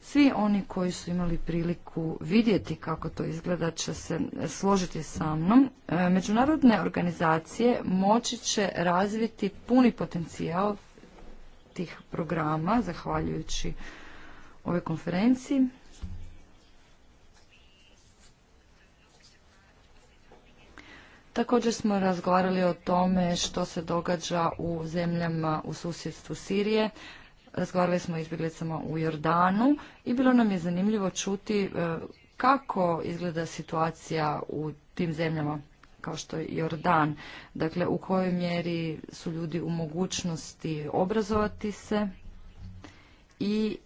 Svi oni koji su imali priliku vidjeti kako to izgleda će se e, složiti sa mnom. E, međunarodne organizacije moći će razviti puni potencijal tih programa, zahvaljujući ove konferenciji. Također smo razgovarali o tome što se događa u zemljama u susjedstvu Sirije. Razgovarali smo o izbjeglicama u Jordanu i bilo nam je zanimljivo čuti e, kako izgleda situacija u tim zemljama kao što je Jordan. Dakle, u kojoj mjeri su ljudi u mogućnosti obrazovati se i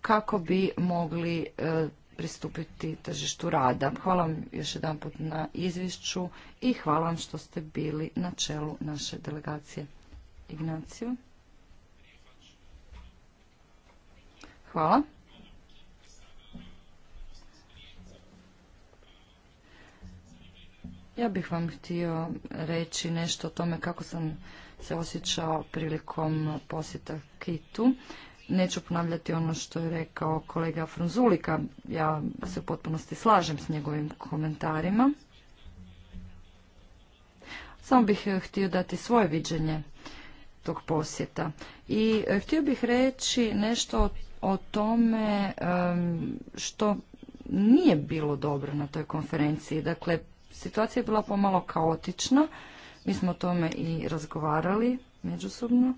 kako bi mogli e, pristupiti tržištu rada. Hvala vam još jedan put na izvješću i hvala vam što ste bili na čelu naše delegacije. Ignaciju. Hvala. Ja bih vam htio reći nešto o tome kako sam se osjećao prilikom posjeta Kitu. Neću ponavljati ono što je rekao kolega Franzulika, ja se u potpunosti slažem s njegovim komentarima. Samo bih eh, htio dati svoje viđenje tog posjeta. I eh, htio bih reći nešto o tome što nije bilo dobro na toj konferenciji. Dakle, situacija je bila pomalo kaotična. Mi smo o tome i razgovarali međusobno.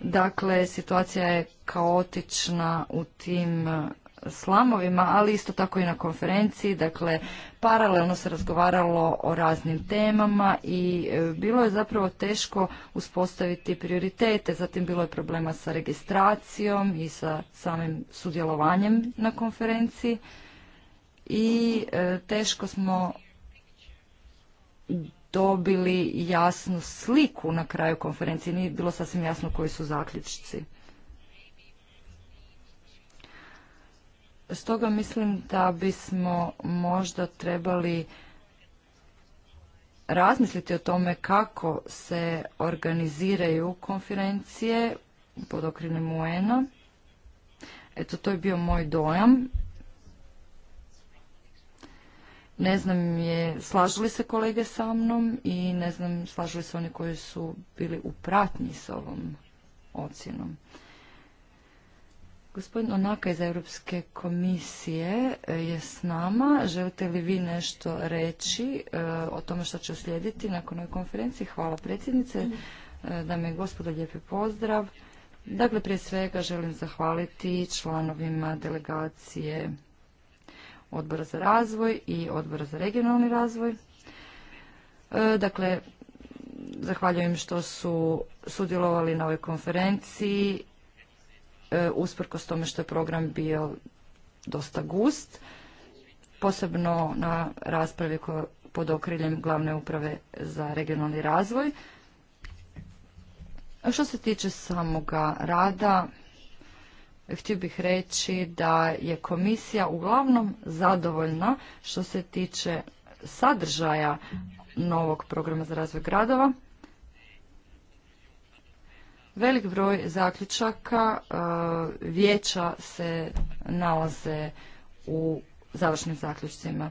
Dakle, situacija je kaotična u tim e, slamovima, ali isto tako i na konferenciji. Dakle, paralelno se razgovaralo o raznim temama i e, bilo je zapravo teško uspostaviti prioritete. Zatim bilo je problema sa registracijom i sa samim sudjelovanjem na konferenciji i e, teško smo dobili jasnu sliku na kraju konferencije. Nije bilo sasvim jasno koji su zaključci. Stoga mislim da bismo možda trebali razmisliti o tome kako se organiziraju konferencije pod okriljem UN-a. Eto, to je bio moj dojam ne znam je, slažu li se kolege sa mnom i ne znam slažu li se oni koji su bili u pratnji s ovom ocjenom. Gospodin Onaka iz Europske komisije e, je s nama. Želite li vi nešto reći e, o tome što će uslijediti nakon ove konferencije? Hvala predsjednice. da mm. e, dame i gospodo, lijepi pozdrav. Dakle, prije svega želim zahvaliti članovima delegacije odbora za razvoj i odbora za regionalni razvoj. E, dakle, zahvaljujem što su sudjelovali na ovoj konferenciji, e, usprkos tome što je program bio dosta gust, posebno na raspravi koja pod okriljem glavne uprave za regionalni razvoj. što se tiče samoga rada, htio bih reći da je komisija uglavnom zadovoljna što se tiče sadržaja novog programa za razvoj gradova. Velik broj zaključaka e, vijeća se nalaze u završnim zaključcima.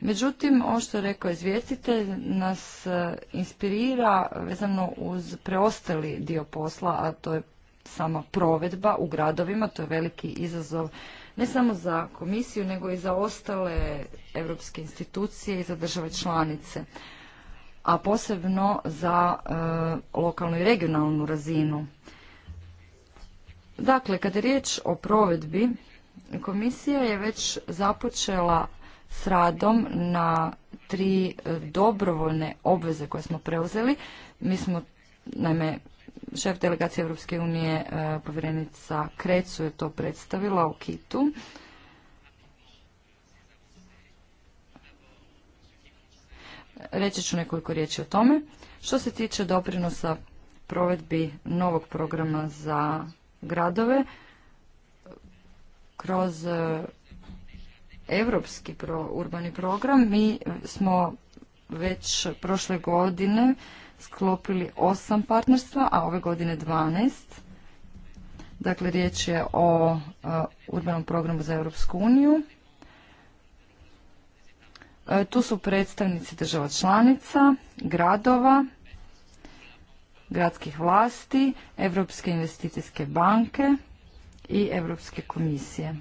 Međutim, ovo što je rekao izvjestitelj nas e, inspirira vezano uz preostali dio posla, a to je sama provedba u gradovima, to je veliki izazov ne samo za komisiju, nego i za ostale europske institucije i za države članice, a posebno za e, lokalnu i regionalnu razinu. Dakle, kada je riječ o provedbi, komisija je već započela s radom na tri dobrovoljne obveze koje smo preuzeli. Mi smo, naime, šef delegacije Europske unije e, povjerenica Krecu je to predstavila u Kitu. Reći ću nekoliko riječi o tome. Što se tiče doprinosa provedbi novog programa za gradove, kroz e, europski urbani program mi smo već prošle godine sklopili osam partnerstva, a ove godine 12. Dakle, riječ je o e, urbanom programu za Europsku uniju. E, tu su predstavnici država članica, gradova, gradskih vlasti, Europske investicijske banke i Europske komisije.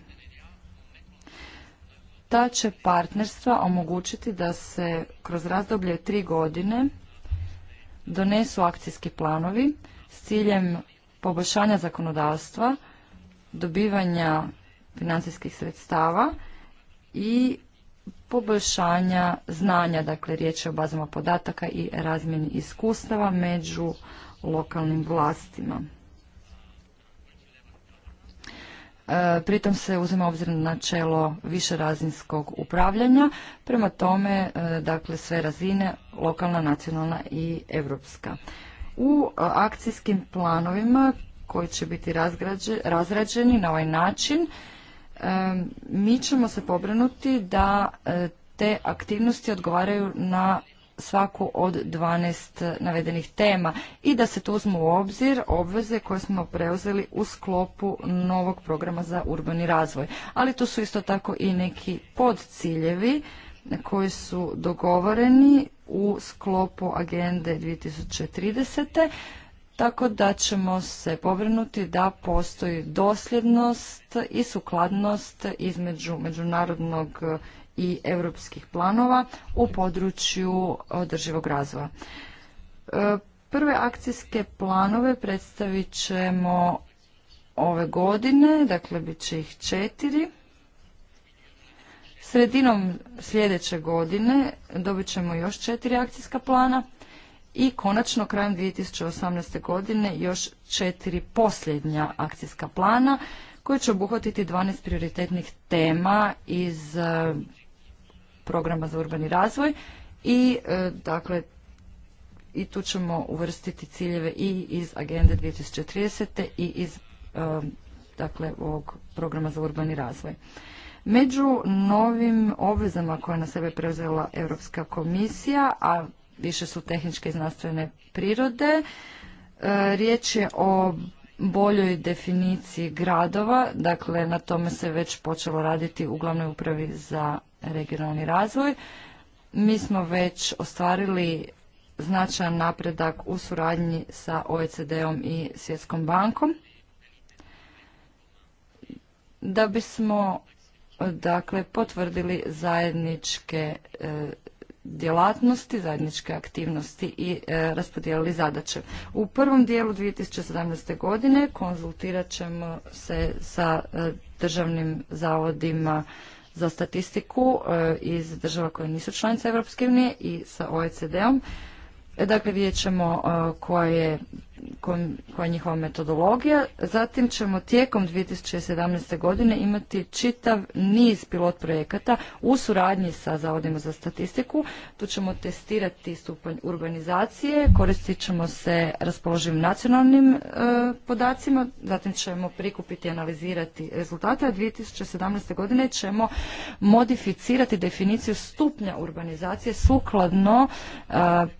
Ta će partnerstva omogućiti da se kroz razdoblje tri godine donesu akcijski planovi s ciljem poboljšanja zakonodavstva, dobivanja financijskih sredstava i poboljšanja znanja, dakle riječ je o bazama podataka i razmjeni iskustava među lokalnim vlastima. E, pritom se uzima obzir na načelo višerazinskog upravljanja, prema tome e, dakle sve razine, lokalna, nacionalna i europska. U e, akcijskim planovima koji će biti razrađeni na ovaj način, mi ćemo se pobrinuti da te aktivnosti odgovaraju na svaku od 12 navedenih tema i da se tu uzmu u obzir obveze koje smo preuzeli u sklopu novog programa za urbani razvoj. Ali tu su isto tako i neki podciljevi koji su dogovoreni u sklopu agende 2030. Tako da ćemo se povrnuti da postoji dosljednost i sukladnost između međunarodnog i europskih planova u području održivog razvoja. E, prve akcijske planove predstavit ćemo ove godine, dakle bit će ih četiri. Sredinom sljedeće godine dobit ćemo još četiri akcijska plana i konačno krajem 2018. godine još četiri posljednja akcijska plana koji će obuhvatiti 12 prioritetnih tema iz programa za urbani razvoj i e, dakle i tu ćemo uvrstiti ciljeve i iz agende 2030. i iz e, dakle ovog programa za urbani razvoj. Među novim obvezama koje na sebe preuzela Europska komisija, a više su tehničke i znanstvene prirode, e, riječ je o boljoj definiciji gradova, dakle na tome se već počelo raditi u glavnoj upravi za regionalni razvoj. Mi smo već ostvarili značajan napredak u suradnji sa OECD-om i Svjetskom bankom. Da bismo dakle potvrdili zajedničke e, djelatnosti, zajedničke aktivnosti i e, raspodijelili zadaće. U prvom dijelu 2017. godine konzultirat ćemo se sa e, državnim zavodima za statistiku e, iz država koje nisu članice Europske unije i sa OECD-om. E, dakle, vidjet ćemo koja je koja je njihova metodologija. Zatim ćemo tijekom 2017. godine imati čitav niz pilot projekata u suradnji sa Zavodima za statistiku. Tu ćemo testirati stupanj urbanizacije, koristit ćemo se raspoloživim nacionalnim e, podacima, zatim ćemo prikupiti i analizirati rezultate, a 2017. godine ćemo modificirati definiciju stupnja urbanizacije sukladno e,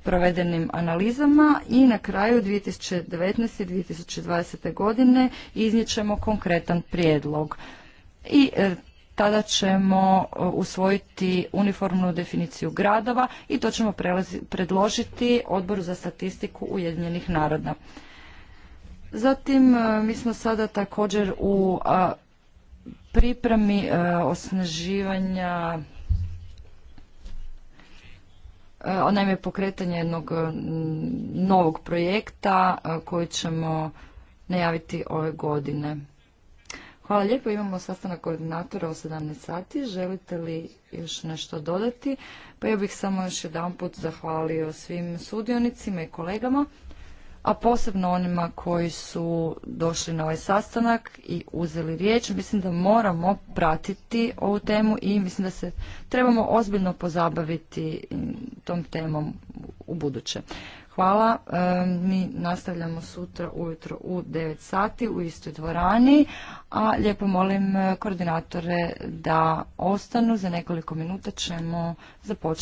provedenim analizama i na kraju 2017 2019. i 2020. godine iznjećemo konkretan prijedlog. I e, tada ćemo e, usvojiti uniformnu definiciju gradova i to ćemo predložiti Odboru za statistiku Ujedinjenih naroda. Zatim, e, mi smo sada također u pripremi osnaživanja Eh, naime pokretanje jednog eh, novog projekta eh, koji ćemo najaviti ove godine. Hvala lijepo, imamo sastanak koordinatora o 17 sati. Želite li još nešto dodati? Pa ja bih samo još jedan put zahvalio svim sudionicima i kolegama a posebno onima koji su došli na ovaj sastanak i uzeli riječ. Mislim da moramo pratiti ovu temu i mislim da se trebamo ozbiljno pozabaviti mm, tom temom u buduće. Hvala. Mi nastavljamo sutra ujutro u 9 sati u istoj dvorani, a lijepo molim e, koordinatore da ostanu. Za nekoliko minuta ćemo započeti.